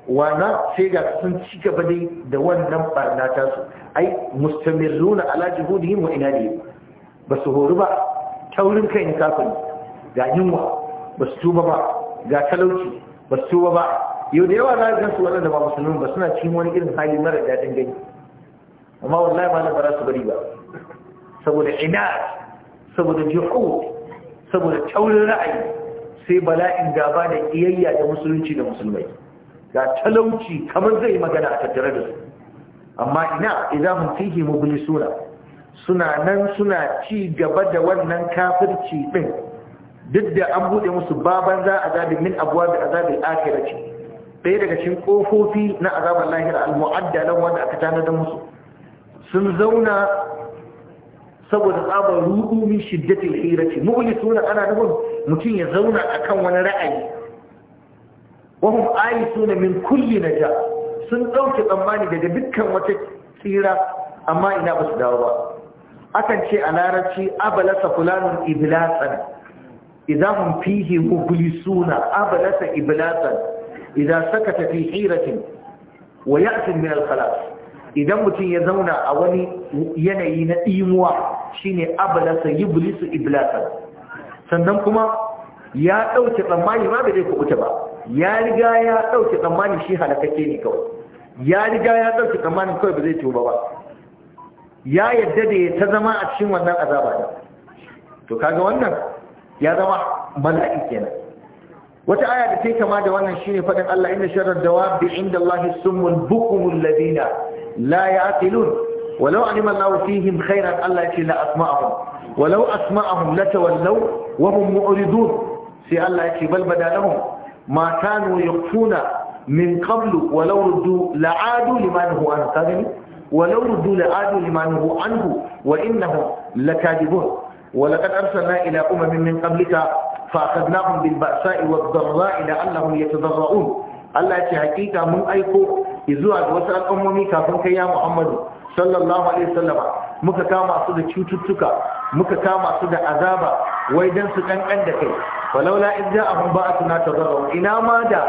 Wa wana sai ga sun ci gaba dai da wannan barna ta su ai mustamirruna ala juhudihim wa inadi ba su horu ba taurin kai ne kafin ga yunwa ba su tuba ba ga talauci ba su tuba ba yau da yawa za a su da ba musulmi ba suna cikin wani irin hali mara dadin gani amma wallahi ba na ba za su bari ba saboda inad saboda jihud saboda taurin ra'ayi sai bala'in gaba da iyayya da musulunci da musulmai ga talauci kamar zai magana a tattare da su amma ina idahum fihi mublisuna suna nan suna ci gaba da wannan kafirci din duk da an bude musu baban za azabi min abwab azabi akhirati ɗaya daga cikin kofofi na azabar lahira al-mu'adda wanda aka da musu sun zauna saboda tsabar rudu min shiddatil hirati suna ana nufin mutum ya zauna akan wani ra'ayi wahum suna min kulli naja sun dauke tsammani daga dukkan wata tsira amma ina ba su dawo ba akan ce a larabci abalasa fulanun iblasan idan hum fihi mublisuna abalasa iblasan idan sakata fi hiratin wa ya'tin min al-khalas idan mutum ya zauna a wani yanayi na imuwa shine abalasa iblisu iblasa sannan kuma ya ɗauke tsammani ba da zai kubuta ba ya riga ya ɗauke tsammani shi halakake ne kawai ya riga ya ɗauke tsammanin kawai ba zai tuba ba ya yadda da ya ta zama a cikin wannan azaba ne to kaga wannan ya zama mala'i kenan wata aya da take kama da wannan shine fadin Allah inna sharrad dawabi inda Allah summul bukumul ladina la ya'qilun walau alima Allahu fihim khairan Allah ce la asma'ahum walau asma'ahum latawallaw wa hum mu'ridun sai Allah ce bal badalahum ma kanu yaqfuna min qablu walau ruddu la'adu liman huwa an kadhib walau ruddu la'adu liman huwa anhu wa ولقد أرسلنا إلى أمم من قبلك فأخذناهم بالبأساء والضراء لعلهم يتضرعون الله يتحقيق من أيكو zuwa ga wasu al'ummomi kafin kai ya muhammadu sallallahu alaihi muka kama su da cututtuka muka kama su da azaba wai dan su kankan da kai Walaula in ja'ahum ba'atuna tadarru ina ma da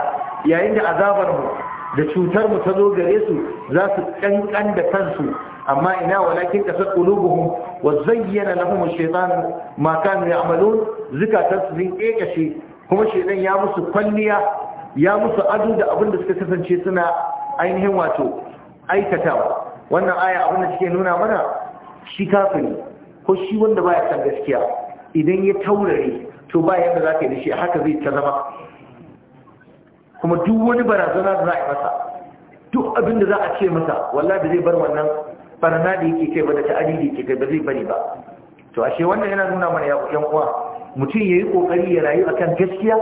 yayin da azabar mu da cutar mu ta zo gare su za su kankan da kansu amma ina walakin kasar qulubuhum wa zayyana lahum ash-shaytan ma kanu ya'malun zikatan su din kekashe kuma shedan ya musu kwalliya ya musu ado da abin da suka kasance suna ainihin wato aikatawa wannan aya abin da take nuna mana shi kafin ko shi wanda baya san gaskiya idan ya taurari, to ba yadda za ka yi da shi haka zai ta zama kuma duk wani barazana da za a yi masa duk abin da za a ce masa walla da zai bar wannan barna da yake kai ba da ta'adi da yake kai ba zai bari ba to ashe wannan yana nuna mana ya uwa mutum ya yi kokari ya rayu akan gaskiya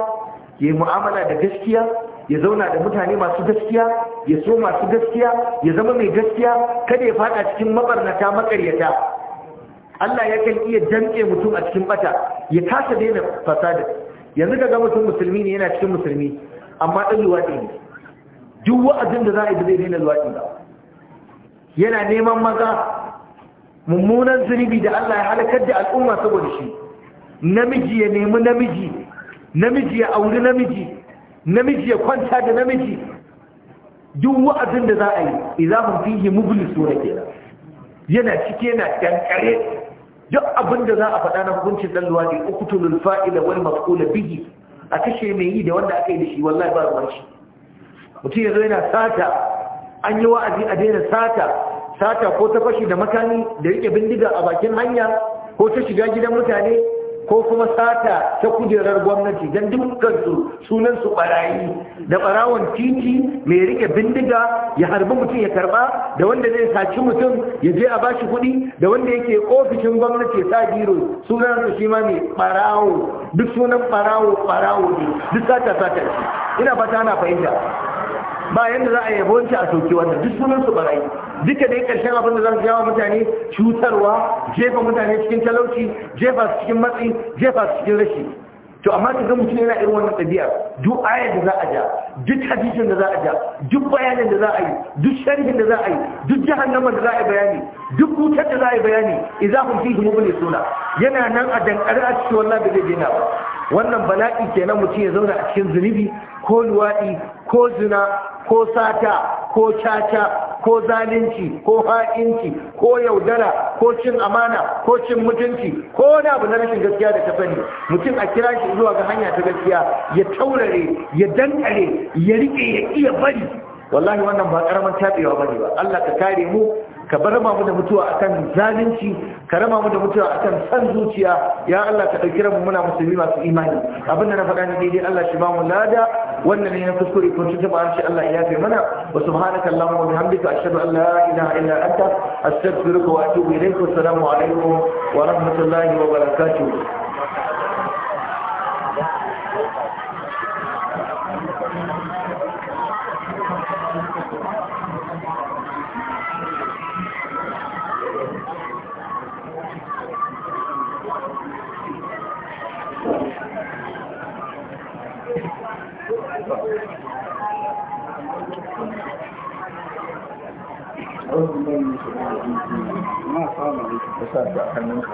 ya yi mu'amala da gaskiya ya zauna da mutane masu gaskiya ya so masu gaskiya ya zama mai gaskiya kada ya fada cikin mabarnata makaryata Allah ya kan iya damƙe mutum a cikin bata ya kasa daina fasada yanzu ga mutum musulmi ne yana cikin musulmi amma ɗan luwaɗi ne duk wa'azin da za a yi zai daina luwaɗi ba yana neman maza mummunan zunubi da Allah ya halakar da al'umma saboda shi namiji ya nemi namiji namiji ya auri namiji namiji ya kwanta da namiji duk wa'azin da za a yi izamun fihi mublis sura ke yana cike yana dankare duk abin da za a faɗa na hukuncin dan luwadi uqtulul fa'ila wal maf'ula bihi a kashe mai yi da wanda aka yi da shi wallahi ba ruwan shi mutum yazo yana sata an yi wa'azi a daina sata sata ko ta fashi da makani da rike bindiga a bakin hanya ko ta shiga gidan mutane ko kuma sata ta kujerar gwamnati don su sunan su barayi da barawon titi mai rike bindiga ya harbi mutum ya karba da wanda zai saci mutum ya je a bashi kuɗi da wanda yake ofishin gwamnati ya sa biro sunan su shi ma mai barawo duk sunan barawo barawo ne duk sata sata ina fata ana fahimta ba yadda za a yabo wancan a soki wannan duk sunan su barayi duka dai karshen abin da za su yawa mutane cutarwa jefa mutane cikin talauci jefa su cikin matsi jefa su cikin rashi to amma ka ga mutum yana irin wannan ɗabi'a duk ayar da za a ja duk hadisin da za a ja duk bayanin da za a yi duk sharhin da za a yi duk jahannamar da za a yi bayani duk wutar da za a yi bayani fi himu fihi suna, yana nan a dankare a cikin wallahi da zai daina ba wannan bala'i kenan mutum ya zauna a cikin zunubi ko luwaɗi ko zina ko sata ko caca ko zalunci ko ha'inci ko yaudara ko cin amana ko cin mutunci ko wani abu na rashin gaskiya da ta sani mutum a kira shi zuwa ga hanya ta gaskiya ya taurare ya dankare ya riƙe ya iya bari wallahi wannan ba karamin tabewa bane ba Allah ka kare mu ka bar mu da mutuwa akan zalunci ka rama mu da mutuwa akan san zuciya ya Allah ka dauki mu muna musulmi masu imani abin da na faɗa ne daidai Allah shi ba mu lada wannan ne na kuskure kun tunta ba shi Allah ya kai mana wa subhanaka allahumma wa bihamdika ashhadu an la ilaha illa anta astaghfiruka wa atubu ilayk wa assalamu alaikum wa rahmatullahi wa barakatuh sa su a hannunka